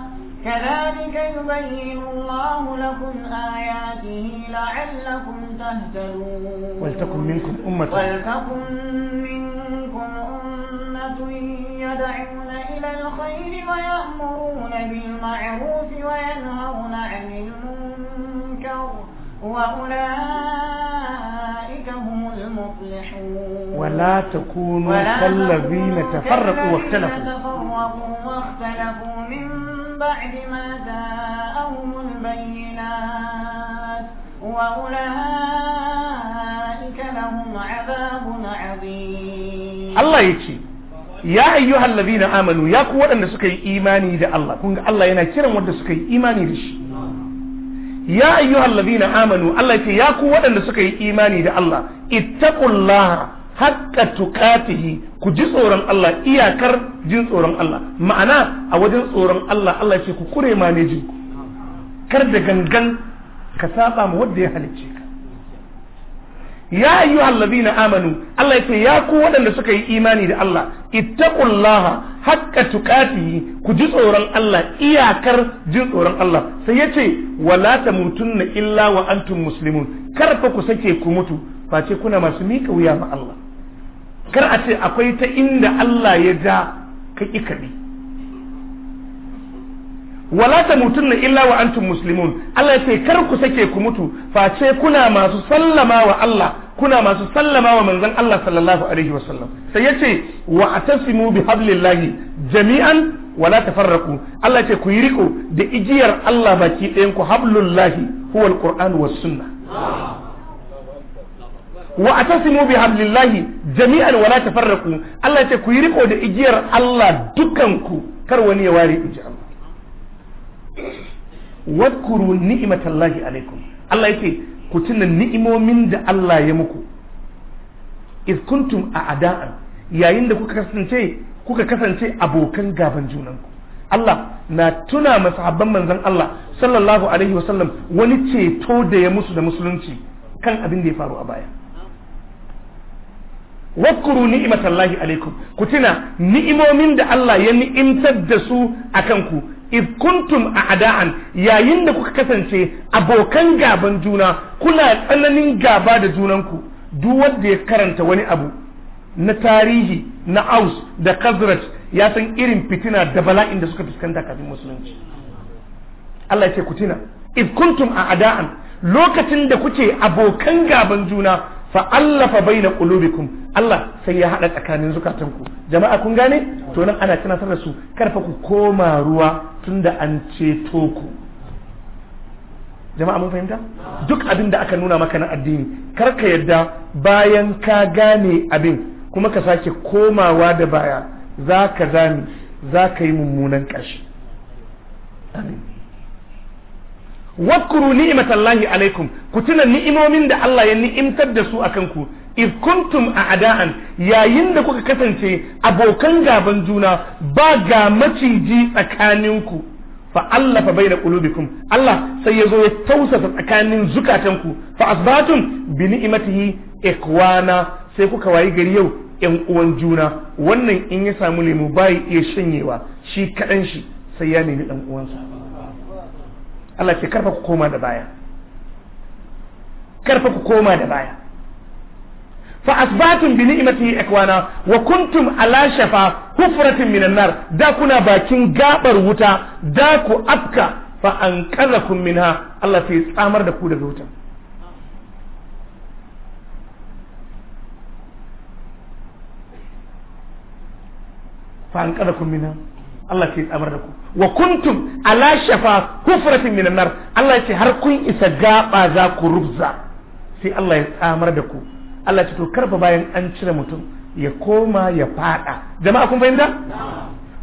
كذلك يبين الله لكم آياته لعلكم تهتدون ولتكن منكم أمة ولتكن منكم أمة يدعون إلى الخير ويأمرون بالمعروف وينهون عن المنكر وأولئك هم المفلحون ولا تكونوا كالذين تفرقوا واختلفوا تفرقوا واختلفوا من بعد ما جاءهم البينات وأولئك لهم عذاب عظيم الله يكفي ya ayyuhal ladina amanu ya ku waɗanda suka yi imani da Allah kun ga Allah yana kiran wanda suka yi imani da shi ya ayyuhal ladina amanu Allah ya ce ya ku waɗanda suka yi imani da Allah ittaqullaha haqqa tuqatihi ku ji tsoron Allah iyakar jin tsoron Allah ma'ana a wajen tsoron Allah Allah ya ce ku kure manejin kar da gangan ka saba ma wanda ya halicce ka ya ayyu allazina amanu Allah yace ya ku waɗanda suka yi imani da Allah ittaqullaha haqqa tuqatihi ku ji tsoron Allah iyakar jin tsoron Allah sai yace wala tamutunna illa wa antum muslimun kar fa ku sake ku mutu ce kuna masu mika wuya ma Allah kar a ce akwai ta inda Allah ya ja ka ki kabi wala ta mutun na illa wa antum muslimun Allah ya ce kar ku sake ku mutu face kuna masu sallama wa Allah kuna masu sallama wa manzon Allah sallallahu alaihi wa sallam. sai ya ce wa atasimu bi hablillahi jami'an wala tafarraqu Allah ya ce ku yi riko da igiyar Allah baki ɗayan ku hablullahi huwa alquran was sunna wa atasimu bi hablillahi jami'an wala tafarraqu Allah ya ce ku yi riko da igiyar Allah dukanku kar wani ya ware iji Allah wadkuru ni'imatallahi alaikum Allah yake ku tuna ni'imomin da Allah ya muku iz kuntum a ada'an yayin da kuka kasance kuka kasance abokan gaban junanku Allah na tuna masahabban manzon Allah sallallahu alaihi wasallam wani ceto da ya musu da musulunci kan abin da ya faru a baya wakuru ni'imatallahi alaikum ku tuna ni'imomin da Allah ya ni'imtar da su akan ku iz a a'da'an yayin da kuka kasance abokan gaban juna kuna tsananin gaba da junanku duk wanda ya karanta wani abu na tarihi na aus da kazrat ya san irin fitina da bala'in da suka fuskanta kafin musulunci Allah ya ce ku if kuntum a'da'an lokacin da kuke abokan gaban juna fa allafa baina qulubikum Allah sai ya hada tsakanin zukatanku jama'a kun gane to nan ana tunatar da su karfa ku koma ruwa tunda an ceto ku jama'a mun fahimta duk abin da aka nuna maka na addini kar ka yadda bayan ka gane abin kuma ka sake komawa da baya za ka zami za ka yi mummunan ƙashi. amin Wakuru ni'imatan Allahi alaikum ku tuna ni'imomin da Allah ya ni'imtar da su akan ku if kuntum a'da'an yayin da kuka kasance abokan gaban juna ba ga maciji tsakaninku fa Allah fa baina qulubikum Allah sai yazo ya tausasa tsakanin zukatanku fa asbatum bi ni'matihi na sai kuka wayi gari yau yan uwan juna wannan in ya samu lemu bai iya shanyewa shi kadan shi sai ya nemi ɗan uwansa Allah ce karfa ku koma da baya karfa ku koma da baya fa asbatun bi ni'matihi ikwana wa kuntum ala shafa hufratin minan nar da kuna bakin gabar wuta da ku afka fa anqadhakum minha Allah sai tsamar da ku daga wuta. fa anqadhakum minha Allah ce tsamar da ku wa kuntum ala shafa hufratin minan nar Allah ce har kun isa gaba za ku rubza sai Allah ya tsamar da ku Allah ce to karfa bayan an cire mutum ya koma ya fada jama'a kun fahimta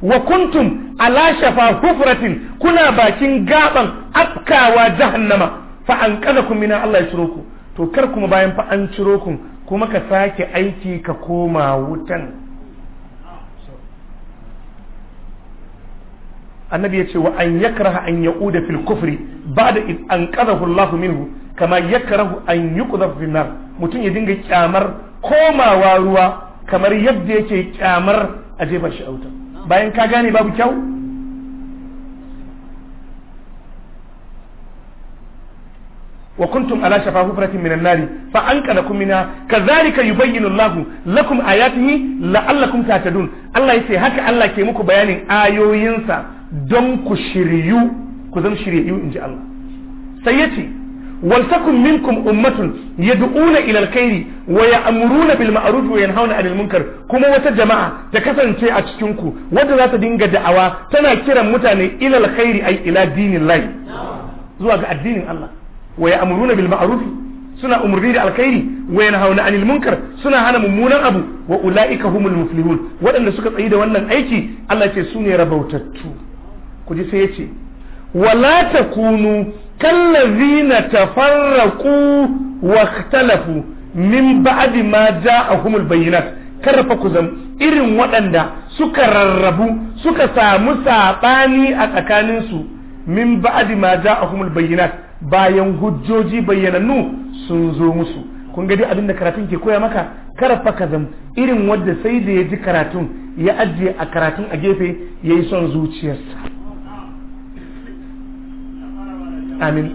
wa kuntum ala shafa hufratin kuna bakin gaban afkawa jahannama fa an kada kun mina Allah ya ciro ku to kar kuma bayan fa an ciro ku kuma ka sake aiki ka koma wutan annabi ya ce wa an yakraha an yauda fil kufri ba'da id anqadahu Allah minhu kama yakrahu an yi fil nar mutum ya dinga kyamar komawa ruwa kamar yadda yake kyamar a jefar shi auta bayan ka gane babu kyau wa kuntum ala shafa hufratin minan nari fa anqadakum minha kadhalika yubayyinu Allah lakum ayatihi la'allakum tahtadun Allah yace haka Allah ke muku bayanin ayoyinsa don ku shiryu ku zama shiryu in ji Allah sai ya ce minkum ummatun yad'una ila alkhairi wa ya'muruna bil ma'ruf wa yanhauna 'anil munkar kuma wata jama'a ta kasance a cikin ku wanda za ta dinga da'awa tana kiran mutane ila alkhairi ay ila dinillahi zuwa ga addinin Allah wa ya'muruna bil ma'ruf suna umarni da alkhairi wa yanhauna 'anil munkar suna hana mummunan abu wa ulaika humul muflihun waɗanda suka tsayi da wannan aiki Allah ce su ne rabautattu ku ji sai ce wala takunu kallazina tafarraqu wa ikhtalafu min ba'di ma ja'ahumul bayyinat karfa ku zam irin waɗanda suka rarrabu suka samu saɓani a tsakaninsu min ba'di ma ja'ahumul bayyinat bayan hujjoji bayyanannu sun zo musu kun ga dai abinda karatun ke koya maka karfa zam irin wadda sai da ya ji karatun ya ajiye a karatun a gefe ya yi son zuciyarsa amin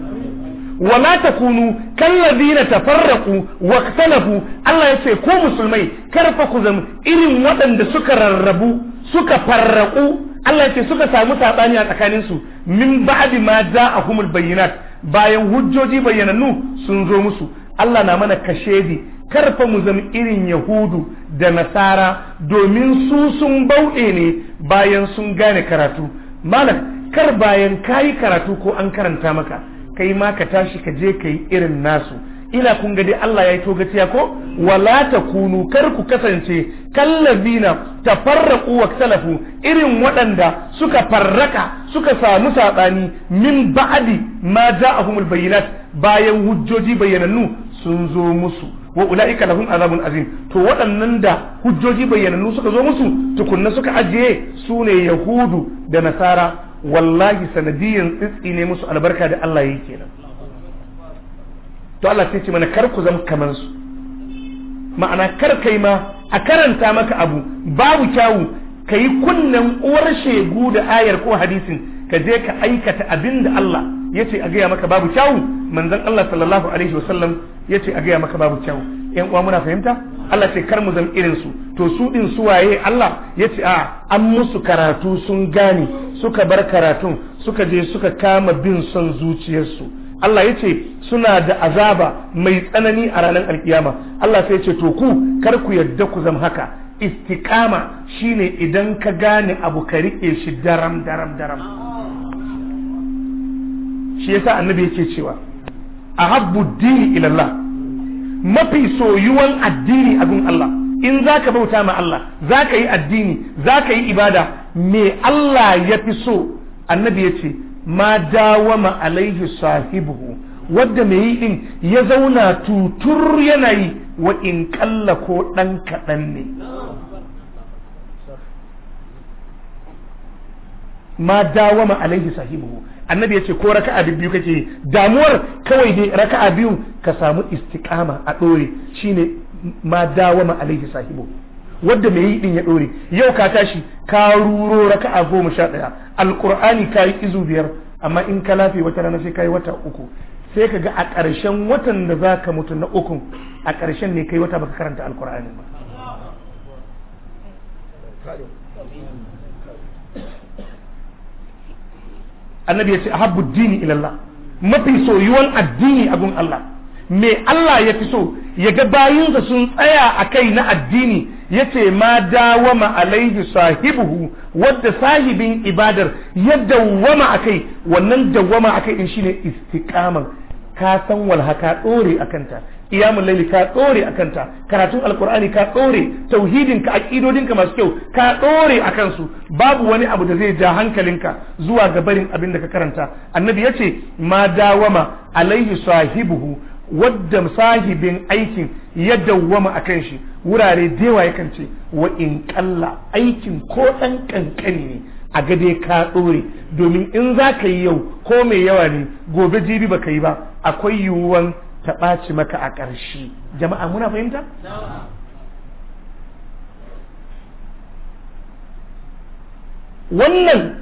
wala takunu kallazina tafarraqu wa ikhtalafu Allah yace ko musulmai karfa ku zama irin waɗanda suka rarrabu suka farraku? Allah ce suka samu sabani a tsakanin su min ba'di ma ja'ahumul bayyinat bayan hujjoji bayyanannu sun zo musu Allah na mana kashedi karfa mu zama irin yahudu da nasara domin su sun bauɗe ne bayan sun gane karatu Malak. kar bayan kayi karatu ko an karanta maka kai ma ka tashi ka je ka yi irin nasu ila kun ga dai Allah ya yi togaciya ko wala kunu kar ku kasance ta tafarraqu wa salafu irin waɗanda suka farraka suka samu saɓani min ba'di ma ja'ahumul bayyinat bayan hujjoji bayyanannu sun zo musu wa ula'ika lahum azabun azim to waɗannan da hujjoji bayyanannu suka zo musu tukunna suka ajiye su ne yahudu da nasara wallahi sanadiyan tsitsi ne musu albarka da Allah yi kenan to Allah sai ce mana kar ku zama kaman su ma'ana kar kai ma a karanta maka abu babu kyawu yi kunnen uwar shegu da ayar ko hadisin ka je ka aikata abin da Allah ya ce a gaya maka babu kyawu manzon Allah sallallahu alaihi wasallam ya ce a gaya maka babu kyawu yan uwa muna fahimta Allah ce kar mu zama irin su to su din waye Allah ya ce a an musu karatu sun gane suka bar karatun suka je suka kama bin son zuciyarsu Allah ya ce suna da azaba mai tsanani a ranar alkiyama Allah sai ce to ku kar ku yadda ku zama haka istiqama shine idan ka gane abu ka rike shi daram daram daram shi yasa annabi yake cewa ahabbu dini ila Allah mafi soyuwan addini abin Allah in za ka bauta ma Allah za ka yi addini za ka yi ibada me Allah ya fi so annabi ya ce ma dawama alaihi sahibu wadda mai yi din ya zauna tutur yana yi wa in kalla ko ɗan kaɗan ne ma dawama alaihi sahibu annabi ya ce ko raka'a biyu kake damuwar kawai ne raka'a biyu ka samu istiƙama a ɗore shine ma dawama alaihi sahibu wadda mai yi din ya dore yau ka tashi ka ruro raka'a goma sha ɗaya alqur'ani ka yi izu biyar amma in ka lafe wata rana sai ka yi wata uku sai ka ga a ƙarshen watan da za ka mutu na uku a ƙarshen ne yi wata baka karanta alqur'ani ba annabi ya ce habbu dini ilallah mafi soyuwan addini a gun Allah me Allah ya fi so ya ga bayinsa sun tsaya a kai na addini ya ce ma dawama alaihi sahibuhu wadda sahibin ibadar ya dawama a kai wannan dawama a kai in shine istiqamar ka san walha ka ɗore a kanta iyamun laili ka ɗore a kanta karatun alkur'ani ka ɗore tauhidinka aƙidodinka masu kyau ka ɗore a kansu babu wani abu da zai ja hankalinka zuwa ga barin abin da ka karanta annabi ya ce ma dawama alaihi sahibuhu wadda sahibin aikin ya dawwama a kan shi wurare dewa yakan ce wa in kalla aikin ko ɗan ƙanƙani ne a gade ka ɗore domin in za ka yi yau ko mai yawa ne gobe jibi ba ka yi ba akwai yiwuwan ta ɓaci maka a ƙarshe jama'a muna fahimta? wannan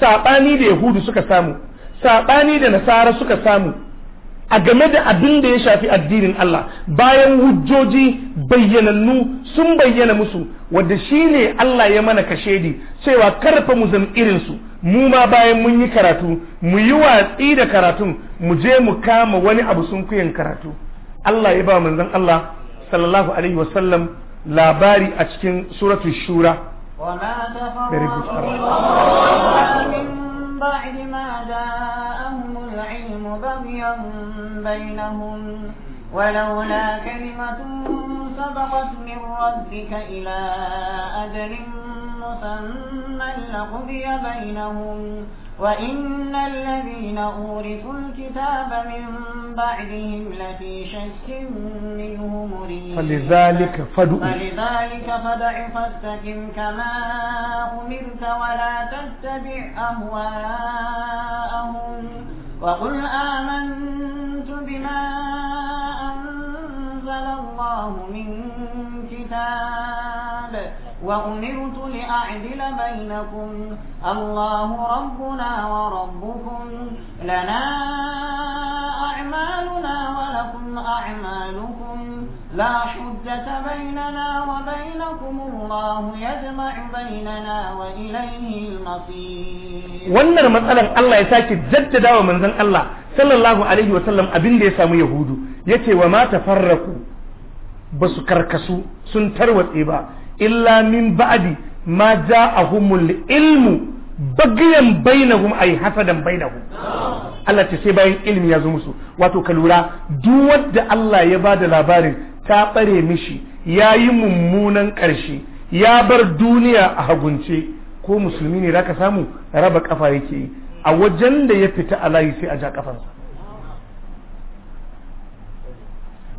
saɓani da yahudu suka samu saɓani da nasara suka samu a game da abin da ya shafi addinin Allah bayan hujjoji bayyanannu sun bayyana musu wadda shi ne Allah ya mana kashedi cewa karfa mu zan irinsu mu ma bayan mun yi karatu mu yi watsi da karatun mu je mu kama wani abu sun kuyan karatu Allah ya ba manzon Allah sallallahu alaihi wasallam labari a cikin suratun shura وما min بغيا بينهم ولولا كلمة سبقت من ربك إلى أجل مسمى لقضي بينهم وإن الذين أورثوا الكتاب من بعدهم لفي شك منه مريب فلذلك فدع فلذلك فدع فاستقم كما أمرت ولا تتبع أهواءهم وقل آمنت بما أنزل الله من الكتاب وأمرت لأعدل بينكم الله ربنا وربكم لنا أعمالنا ولكم أعمالكم لا حجة بيننا وبينكم الله يجمع بيننا وإليه المصير wannan matsalar Allah ya sake jaddada wa manzon Allah sallallahu alaihi sallam abin da ya samu yahudu yace wa ma tafarraku ba su karkasu sun tarwatse ba illa min ba'adi ma ja'ahumul ilmu bagiyan bainahum ay hasadan bainahum Allah ta sai bayan ilimi ya zo musu wato ka lura duk wanda Allah ya bada labarin ta bare mishi yayi mummunan karshe ya bar duniya a hagunce ko musulmi ne zaka samu raba kafa yake a wajen da ya fita alayi sai a ja kafansa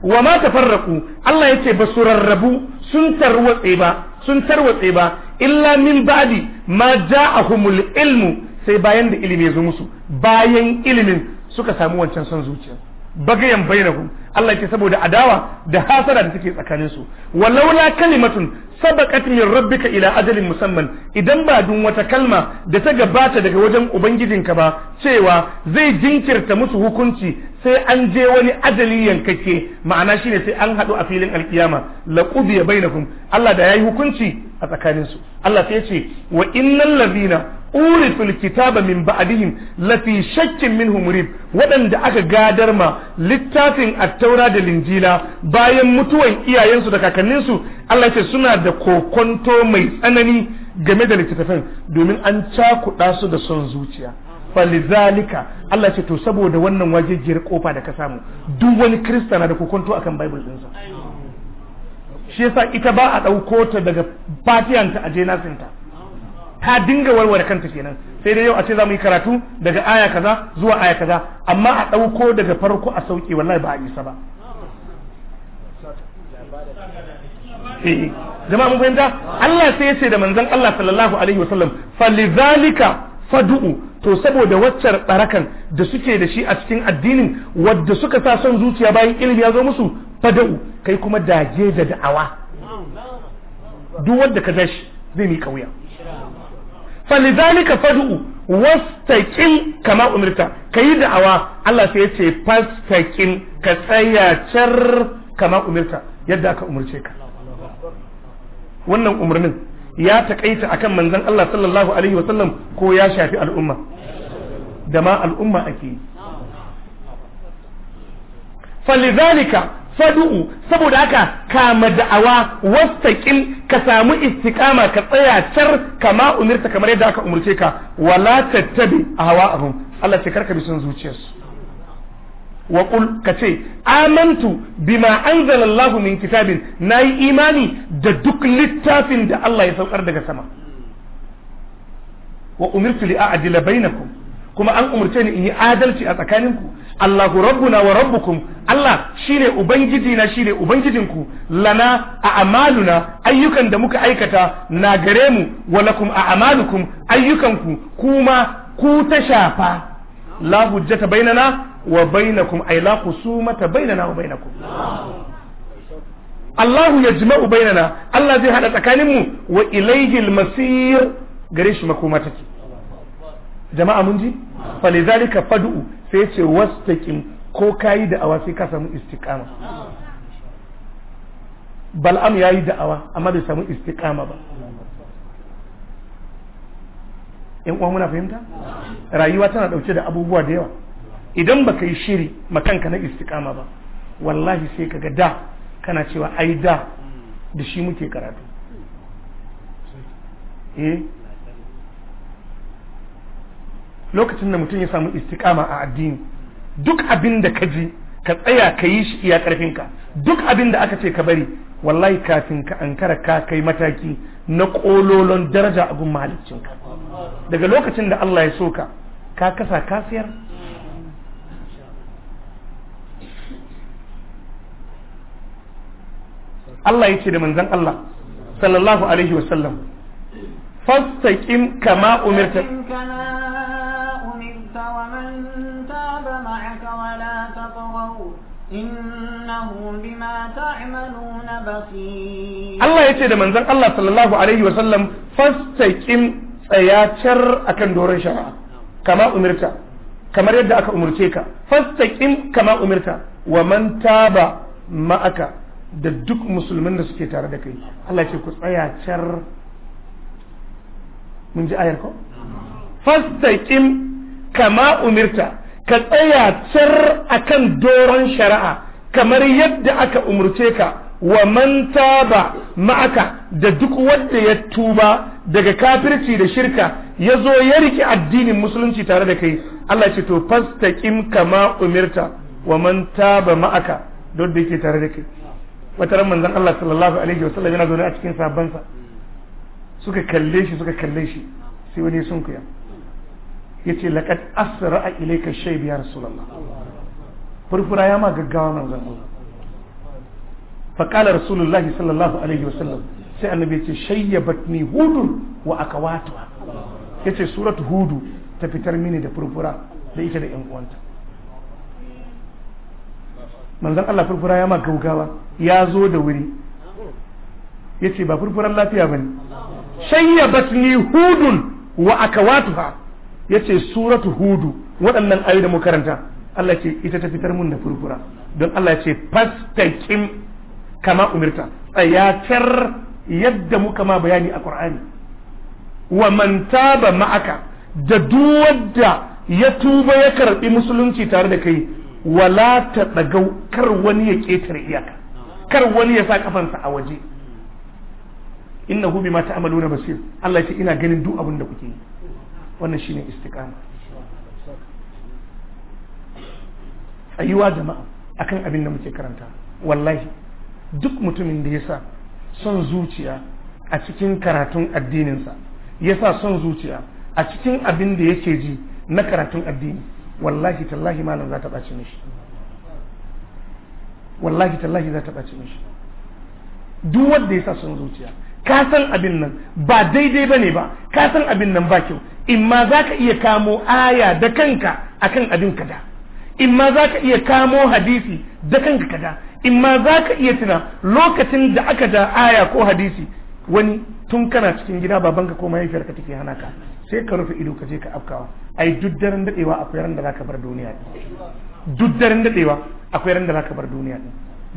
wa ma tafarraqu Allah yace ba su rarrabu sun tarwatse ba sun tarwatse ba illa min ba'di ma ja'ahumul ilmu sai bayan da ilimi ya zo musu bayan ilimin suka samu wancan son zuciya bagayan bainahum Allah ke saboda adawa da hasara da take tsakanin su walaula kalimatun sabaqat min rabbika ila ajalin musamman idan ba dun wata kalma da ta gabata daga wajen ubangijinka ba cewa zai jinkirta musu hukunci sai an je wani ajali yankake ma'ana shine sai an hadu a filin alkiyama laqudiya bainakum Allah da yayi hukunci a tsakanin su Allah sai ya ce wa innal ladina urisul kitaba min ba'dihim lafi shakkin minhu murib waɗanda aka gadar ma littafin attaura da linjila bayan mutuwan iyayensu da kakanninsu Allah ce suna da kokonto mai tsanani game da littattafai domin an cakuɗa su da son zuciya falizalika Allah ce to saboda wannan wajejiyar kofa da ka samu duk wani kirista na da kokonto akan bible ɗinsa shi yasa ita ba a ɗauko ta daga fatiyanta a jenasinta ta dinga warware kanta kenan sai dai yau a ce za mu yi karatu daga aya kaza zuwa aya kaza amma a ɗauko daga farko a sauƙi, wallahi ba a isa ba eh, jama'a mun fahimta Allah sai ya ce da manzon Allah sallallahu alaihi wasallam falizalika fad'u to saboda waccar barakan da suke da shi a cikin addinin wadda suka sa son zuciya bayan ilimi ya zo musu fadu'u kai kuma dage da da'awa duk wanda ka zai mi kauya falizalika fad'u wastaqim kama umirta kayi da'awa Allah sai yace fastaqim ka tsaya car kama umirta yadda aka umurce ka wannan umarnin ya takaita akan manzon Allah sallallahu alaihi wasallam ko ya shafi al'umma da ma al'umma ake yi falizalika fadu'u saboda haka kama da'awa wastaqil ka samu istiqama ka tsaya tar kama umirta kamar yadda aka umurce ka wala tattabi ahwa'ahum Allah ce karka bi son zuciyarsu wa qul kace amantu bima anzalallahu min kitabin nayi imani da duk littafin da Allah ya saukar daga sama wa umirtu li a'dila bainakum kuma an umurce ni in yi adalci a tsakaninku Allahu rabbuna wa rabbukum Allah shine ubangiji na shine ubangijinku lana a amaluna ayyukan da muka aikata na gare mu wa lakum a amalukum ayyukanku kuma ku ta shafa la hujjata bainana wa bainakum ay la qusumata bainana wa bainakum Allahu yajma'u bainana Allah zai hada mu wa ilayhi al-masir gare shi makoma take jama'a mun ji falizalika fad'u sai ya ce takin ko kayi da'awa sai ka samu istiqama bal'am yi da'awa amma bai samu istikama ba in uwa muna fahimta rayuwa tana ɗauke da abubuwa da yawa idan baka yi shiri makanka na istikama ba wallahi sai kaga da kana cewa ai da da shi muke karatu eh lokacin da mutum ya samu istiqama a addini duk abin da ka ji ka tsaya ka yi shi iya karfinka duk abin da aka ce ka bari wallahi kafin ka ankara ka kai mataki na kololon daraja abun mahaliccinka daga lokacin da Allah ya so ka ka kasa ka Allah ya ce da manzan Allah sallallahu alaihi wasallam fastaqim kama umirta Allah ya ce da manzan Allah sallallahu alaihi wasallam fastaqim tsayacar akan doron shari'a kama umirta kamar yadda aka umurce ka fastaqim kama umirta wa man taba ma'aka da duk musulmin da suke tare da kai Allah ya ce ku tsayacar mun ji ayar ko fastaqim kama umirta ka tsaya a kan doron shari'a kamar yadda aka umurce ka wa manta ba ma'aka da duk wanda ya tuba daga kafirci da shirka ya zo ya riki addinin musulunci tare da kai Allah ce to fastaqim kama umirta wa man ba ma'aka don da yake tare da kai wata ran manzon Allah sallallahu alaihi wasallam yana zaune a cikin sabansa suka kalle shi suka kalle shi sai wani sun kuya yace laqad asra ilayka shaybi ya rasulullah furfura ya ma gaggawa manzon Allah fa qala rasulullahi sallallahu alaihi wasallam sai annabi yace shayyabatni hudun wa akawatuha yace suratu hudu ta fitar mini da furfura da ita da yan uwanta manzon Allah furfura ya ma gaugawa ya zo da wuri yace ba furfuran lafiya bane shayyabatni hudun wa akawatuha yace suratu hudu waɗannan ayoyi da mu Allah ce ita ta fitar mun da furfura don Allah ce fastaqim kama umirta tar yadda muka ma bayani a Qur'ani wa man taba ma'aka da duwadda ya tuba ya karbi musulunci tare da kai wala ta daga kar wani ya ketare iyaka kar wani ya sa kafansa a waje innahu bima ta'maluna basir Allah ce ina ganin duk abin da kuke yi wannan shine istiqama tsayuwa jama'a akan abin da muke karanta wallahi duk mutumin da ya sa son zuciya a cikin karatun addininsa ya sa son zuciya a cikin abin da yake ji na karatun addini wallahi tallahi malam za ta ɓaci mishi wallahi tallahi za ta ɓaci mishi duk wanda ya sa son zuciya ka san abin nan ba daidai ba ne ba ka san abin nan ba kyau imma za ka iya kamo aya da kanka a kan abin kada imma za ka iya kamo hadisi da kanka kada imma za ka iya tuna lokacin da aka da aya ko hadisi wani tun kana cikin gida babanka ko mahaifiyarka take hana ka sai ka rufe ido ka je ka afkawa ai duk daren dadewa akwai ran da zaka bar duniya duk daren dadewa akwai ran da zaka bar duniya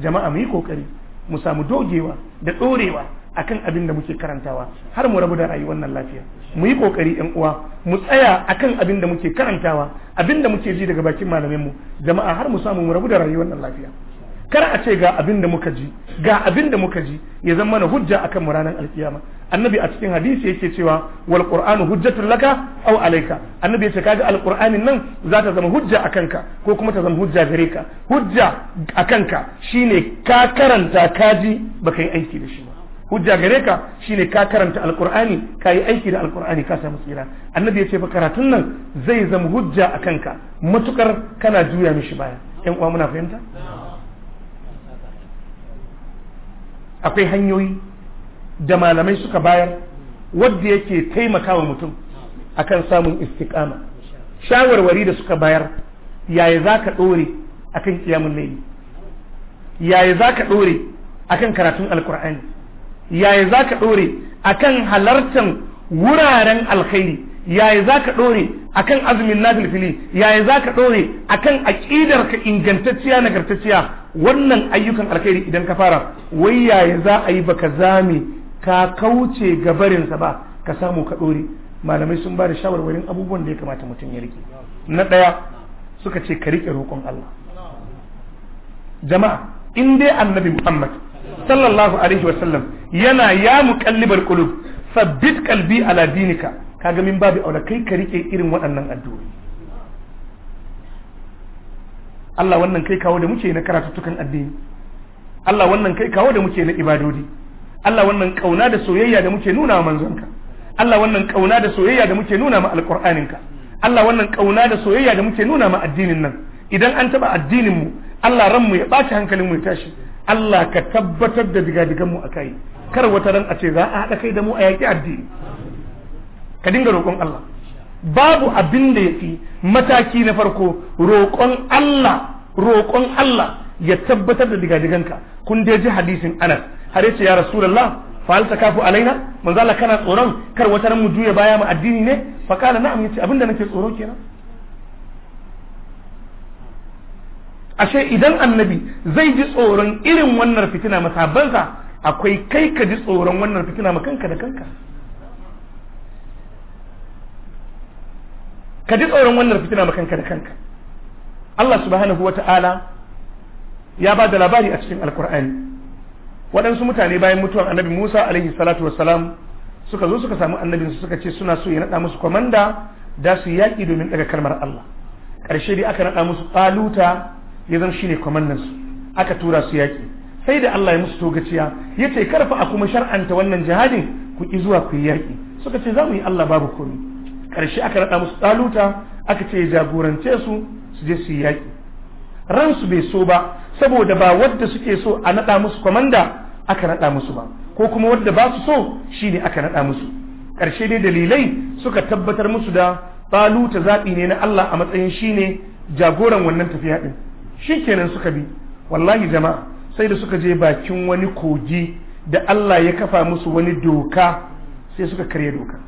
jama'a mu yi kokari mu samu dogewa da dorewa akan abin da muke karantawa har mu rabu da rayuwar nan lafiya mu yi kokari yan uwa mu tsaya akan abin da muke karantawa abin da muke ji daga bakin malamin mu jama'a har mu samu mu rabu da rayuwar nan lafiya kar a ce ga abin da muka ji ga abin da muka ji ya zama mana hujja akan mu ranar alkiyama annabi a cikin hadisi yake cewa wal qur'anu hujjatul laka aw alayka annabi ce kaga alqur'anin nan za ta zama hujja akan ka ko kuma ta zama hujja gare ka hujja akan ka shine ka karanta ka ji baka yi aiki da shi ba hujja gare ka shine ka karanta alqur'ani ka yi aiki da alqur'ani ka samu tsira annabi ya ce fa karatun nan zai zama hujja a kanka matukar kana juya mishi baya yan uwa muna fahimta akwai hanyoyi da malamai suka bayar wadda yake taimakawa mutum akan samun istiqama shawarwari da suka bayar yaya za ka ɗore akan kiyamun laili yaya za ka ɗore akan karatun alkur'ani yaya za ka ɗore a kan halartar wuraren alkhairi yaya za ka ɗore a kan azumin nafilfili yaya za ka ɗore a kan aƙidar ka ingantacciya nagartacciya wannan ayyukan alkhairi idan ka fara wai yaya za a yi baka zame ka kauce gabarinsa ba ka samu ka ɗore malamai sun ba da shawarwarin abubuwan da ya kamata mutum ya riƙe. na ɗaya suka ce ka riƙe roƙon Allah jama'a in dai annabi Muhammad sallallahu alaihi wasallam yana ya muqallibal qulub sabbit qalbi ala dinika kaga min babu aula kai ka rike irin waɗannan addu'o'i Allah wannan kai kawo da muke na karatuttukan addini Allah wannan kai kawo da muke na ibadodi Allah wannan kauna da soyayya da muke nuna manzonka Allah wannan kauna da soyayya da muke nuna ma alƙur'aninka. Allah wannan kauna da soyayya da muke nuna ma addinin nan idan an taba addinin mu Allah ranmu ya ɓaci hankalin mu ya tashi Allah ka tabbatar da digadigan mu akai kar wata ran a ce za a haɗa kai da mu a yaƙi addini ka dinga roƙon Allah babu abin da yafi mataki na farko roƙon Allah roƙon Allah ya tabbatar da digadiganka kun da ji hadisin Anas har yace ya Rasulullah fa'al takafu alaina manzo Allah kana tsoron kar wata ran mu juya baya mu addini ne fa kana na'am yace abinda nake tsoro kenan ashe idan annabi zai ji tsoron irin wannan fitina masabansa akwai kai ka ji tsoron wannan fitina ma kanka da kanka ka ji tsoron wannan fitina ma kanka da kanka Allah subhanahu wa ta'ala ya ba da labari a cikin alkur'ani waɗansu mutane bayan mutuwar annabi Musa alaihi salatu wassalam suka zo suka samu annabinsu suka ce suna so ya naɗa musu kwamanda da su yaƙi domin ɗaga kalmar Allah ƙarshe dai aka naɗa musu ƙaluta ya zama shine kwamandan su aka tura su yaƙi sai da Allah ya musu togaciya ya ce karfa a kuma shar'anta wannan jihadin ku ki zuwa ku yi yaƙi suka ce za mu yi Allah babu komai ƙarshe aka naɗa musu ɗaluta aka ce ya jagorance su su je su yi yaƙi ransu bai so ba saboda ba wadda suke so a naɗa musu kwamanda aka naɗa musu ba ko kuma wadda ba su so shine aka naɗa musu ƙarshe dai dalilai suka tabbatar musu da ɗaluta zaɓi ne na Allah a matsayin shine jagoran wannan tafiya ɗin kenan suka bi wallahi jama'a sai da suka je bakin wani kogi da Allah ya kafa musu wani doka sai suka karya doka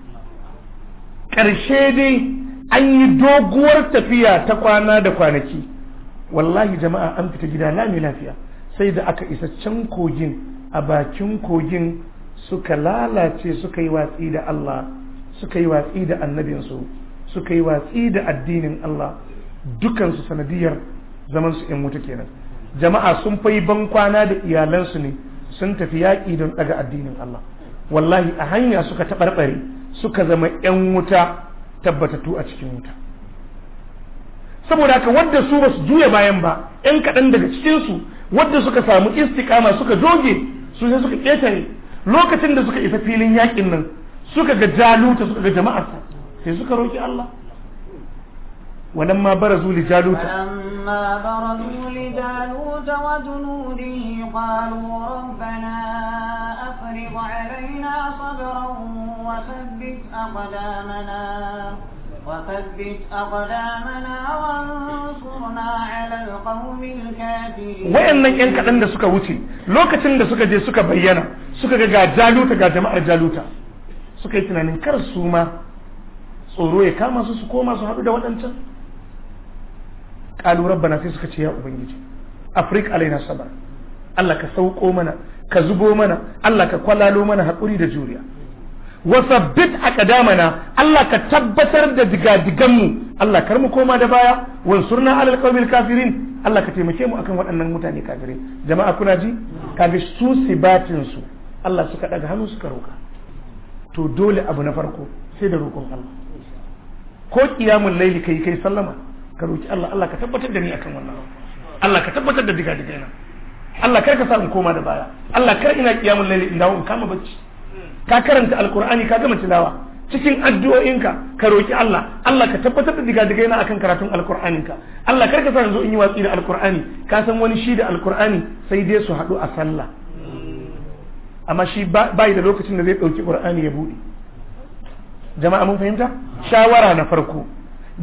ƙarshe dai an yi doguwar tafiya ta kwana da kwanaki wallahi jama'a an fita gida lami lafiya sai da aka isa can kogin a bakin kogin suka lalace suka yi watsi da Allah suka yi watsi da annabinsu suka yi watsi da addinin Allah dukansu sanadiyar zaman su in mutu kenan jama'a sun fai ban kwana da iyalansu ne sun tafi yaƙi don ɗaga addinin Allah wallahi a hanya suka taɓarɓare suka zama 'yan wuta tabbatattu a cikin wuta saboda haka wadda su ba su juya bayan ba 'yan kaɗan daga cikinsu wadda suka samu istikama suka doge su sai suka ƙetare lokacin da suka isa filin yaƙin nan suka ga jaluta suka ga jama'arsa sai suka roƙi Allah ولما برزوا لجالوت ولما برزوا لجالوت وجنوده قالوا ربنا أفرض علينا صبرا وثبت أقدامنا وثبت أقدامنا وانصرنا على القوم الكافرين وإن إن عند سكا وتي لو كتن سكا جي سكا بيانا سكا جا جالوتا جا جماعة جالوتا سكا يتنا ننكر السومة tsoro ya kama su su koma su haɗu da waɗancan qalu rabbana sai suka ce ya ubangiji afrik alaina sabar Allah ka sauko mana ka zubo mana Allah ka kwalalo mana hakuri da juriya wa sabbit aqdamana Allah ka tabbatar da digadiganmu Allah kar mu koma da baya wansurna alal qawmil kafirin Allah ka taimake mu akan waɗannan mutane kafirai jama'a kuna ji kafi su sibatin su Allah suka daga hannu suka roka to dole abu na farko sai da roƙon Allah ko qiyamul laili kai kai sallama ka roki Allah Allah ka tabbatar da ni akan wannan Allah ka tabbatar da diga diga ina Allah kar ka sa in koma da baya Allah kar ina kiyamul laili in dawo in kama bacci ka karanta alqur'ani ka gama tilawa cikin addu'o'inka ka roki Allah Allah ka tabbatar da diga diga ina akan karatun ka Allah kar ka sa in zo in yi watsi da alqur'ani ka san wani shi da alqur'ani sai dai su haɗu a sallah amma shi bai da lokacin da zai ɗauki qur'ani ya buɗe jama'a mun fahimta shawara na farko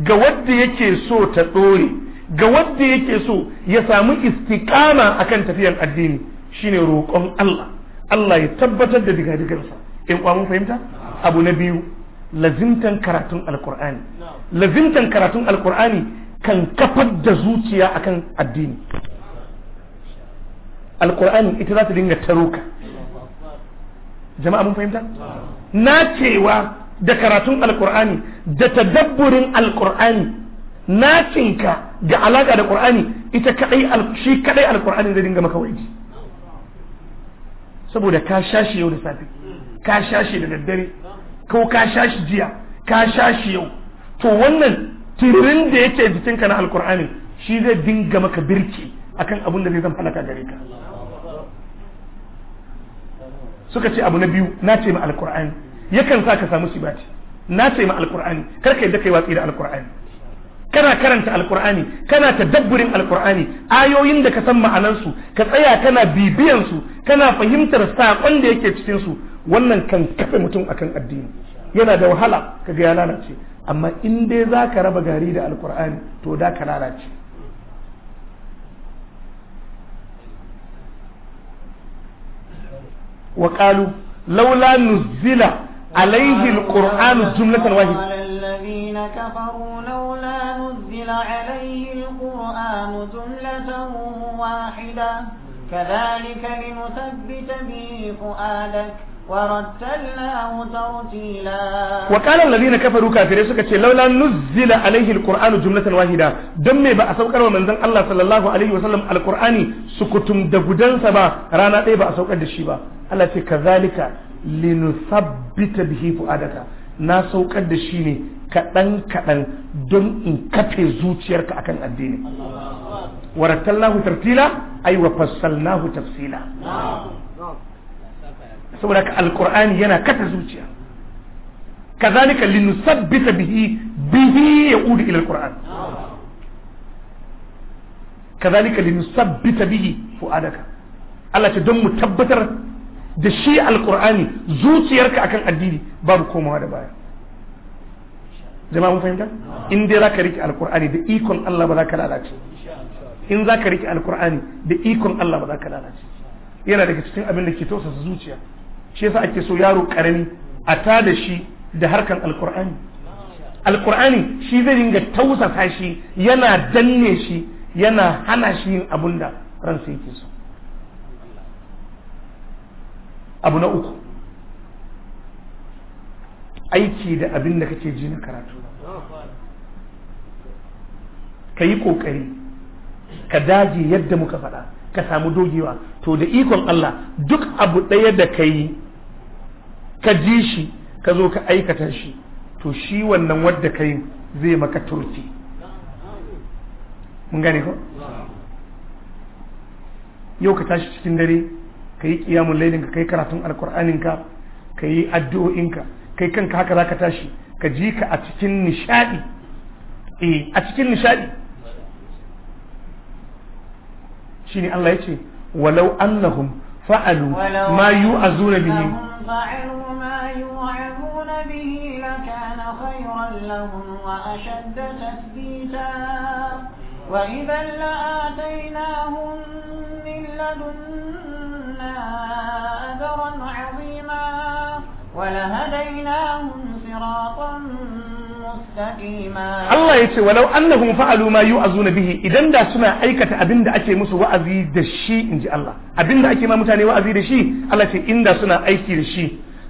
ga wadda yake so ta ɗore ga wadda yake so ya samu istiƙama akan tafiyan addini shine roƙon Allah Allah ya tabbatar da digadigarsa in kwa mun fahimta abu na biyu lazimtan karatun alkur'ani lazimtan karatun alkur'ani kan kafar da zuciya akan addini alkur'ani ita za ta dinga taruka jama'a mun fahimta na cewa da karatun alkur'ani da tadabburin alkur'ani nacinka ga alaka da qur'ani ita kadai shi kadai alkur'ani zai dinga maka waje saboda ka shashi yau da safe ka shashi da daddare ko ka shashi jiya ka shashi yau to wannan tirin da yake jikinka na alkur'ani shi zai dinga maka birki akan abin da zai zan falaka gare ka suka ce abu na biyu na ce ma alkur'ani yakan sa ka samu sibati na ce ma alkur'ani kar ka yadda kai watsi da alqur'ani kana karanta alkur'ani kana tadabburin alkur'ani ayoyin da ka san ma'anansu ka tsaya kana bibiyan su kana fahimtar sakon da yake cikin su wannan kan kafe mutum akan addini yana da wahala kaga ya lalace amma in dai zaka raba gari da alkur'ani to da ka lalace وقالوا لولا نزل عليه القرآن جملة واحدة الذين كفروا لولا نزل عليه القرآن جملة واحدة كذلك لنثبت به فؤادك ورتلناه ترتيلا وقال الذين كفروا كافرين suka ce laula nuzzila alaihi alquran jumlatan wahida Don me ba a saukar wa manzon Allah sallallahu alaihi wasallam alqurani sukutum da gudansa ba rana ɗaya ba a saukar da shi ba Allah ce kazalika linuthabbita bihi fu'adaka na saukar da shi ne kaɗan kaɗan don in kafe zuciyarka akan addini warattallahu tartila ai wa fassalnahu tafsila saboda ka alqur'ani yana kata zuciya kazalika linusabbita bihi bihi yaudu ila alqur'an kazalika linusabbita bihi fu'adaka Allah ce don mu tabbatar da shi alkur'ani zuciyarka akan addini babu komawa da baya Zama mun fahimta in dai zaka rike alkur'ani da ikon Allah ba za ka lalace in ka rike alkur'ani da ikon Allah ba za ka lalace yana daga cikin abin da ke tausasa zuciya shi yasa ake so yaro karami a ta da shi da harkan alkur'ani alkur'ani shi zai dinga tausasa shi yana danne shi yana hana shi yin abun da ransa yake so abu na uku aiki da abin da kake ji na karatu ka yi ƙoƙari ka daje yadda muka faɗa ka samu dogewa to da ikon Allah duk abu ɗaya da ka yi ka ji shi ka zo ka aikata shi to shi wannan wadda ka yi zai maka turci mun gane ko yau ka tashi cikin dare ka yi ƙiyamun lailin ka yi karatun alƙur'anin ka ka yi addu'o'inka kai kanka haka zaka tashi ka ji ka a cikin nishadi eh a cikin nishadi shine Allah ya ce walau annahum fa'alu ma yu'azuna bihi لهم وأشد تثبيتا وإذا لآتيناهم من لدنا أجرا عظيما ولهديناهم صراطا Allah ya ce walau annahum fa'alu ma yu'azuna bihi idan da suna aikata abin da ake musu wa'azi da shi inji Allah abin da ake ma mutane wa'azi da shi Allah ce inda suna aiki da shi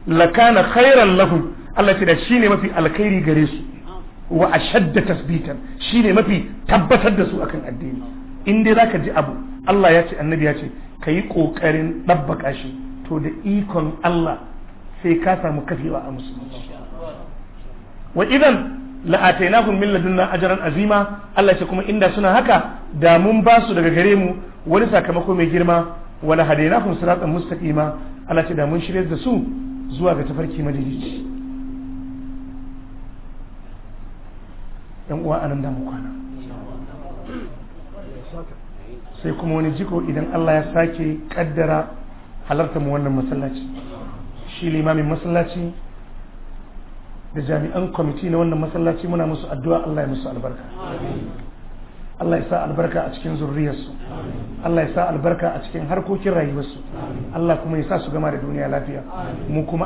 lakana khairan lahum Allah ce da shi ne mafi alkhairi gare su wa ashadda tasbitan shi ne mafi tabbatar da su akan addini in dai zaka ji abu Allah ya ce annabi ya ce ka yi ƙoƙarin ɗabbaka shi to da ikon Allah sai ka samu kafewa a musulunci wa idan kun min ladunna ajran azima Allah ce kuma inda suna haka da mun ba su daga gare mu wani sakamako mai girma wala hadainahum siratan mustaqima Allah ce da mun shirye da su zuwa ga tafarki madidici yan uwa anan da mu kwana sai kuma wani jiko idan Allah ya sake kaddara halarta mu wannan masallaci shi limamin masallaci da jami'an kwamiti na wannan masallaci muna musu addu'a Allah ya musu albarka Allah ya sa albarka a cikin zurriyarsu Allah ya sa albarka a cikin harkokin rayuwarsu Allah kuma ya sa su gama da duniya lafiya mu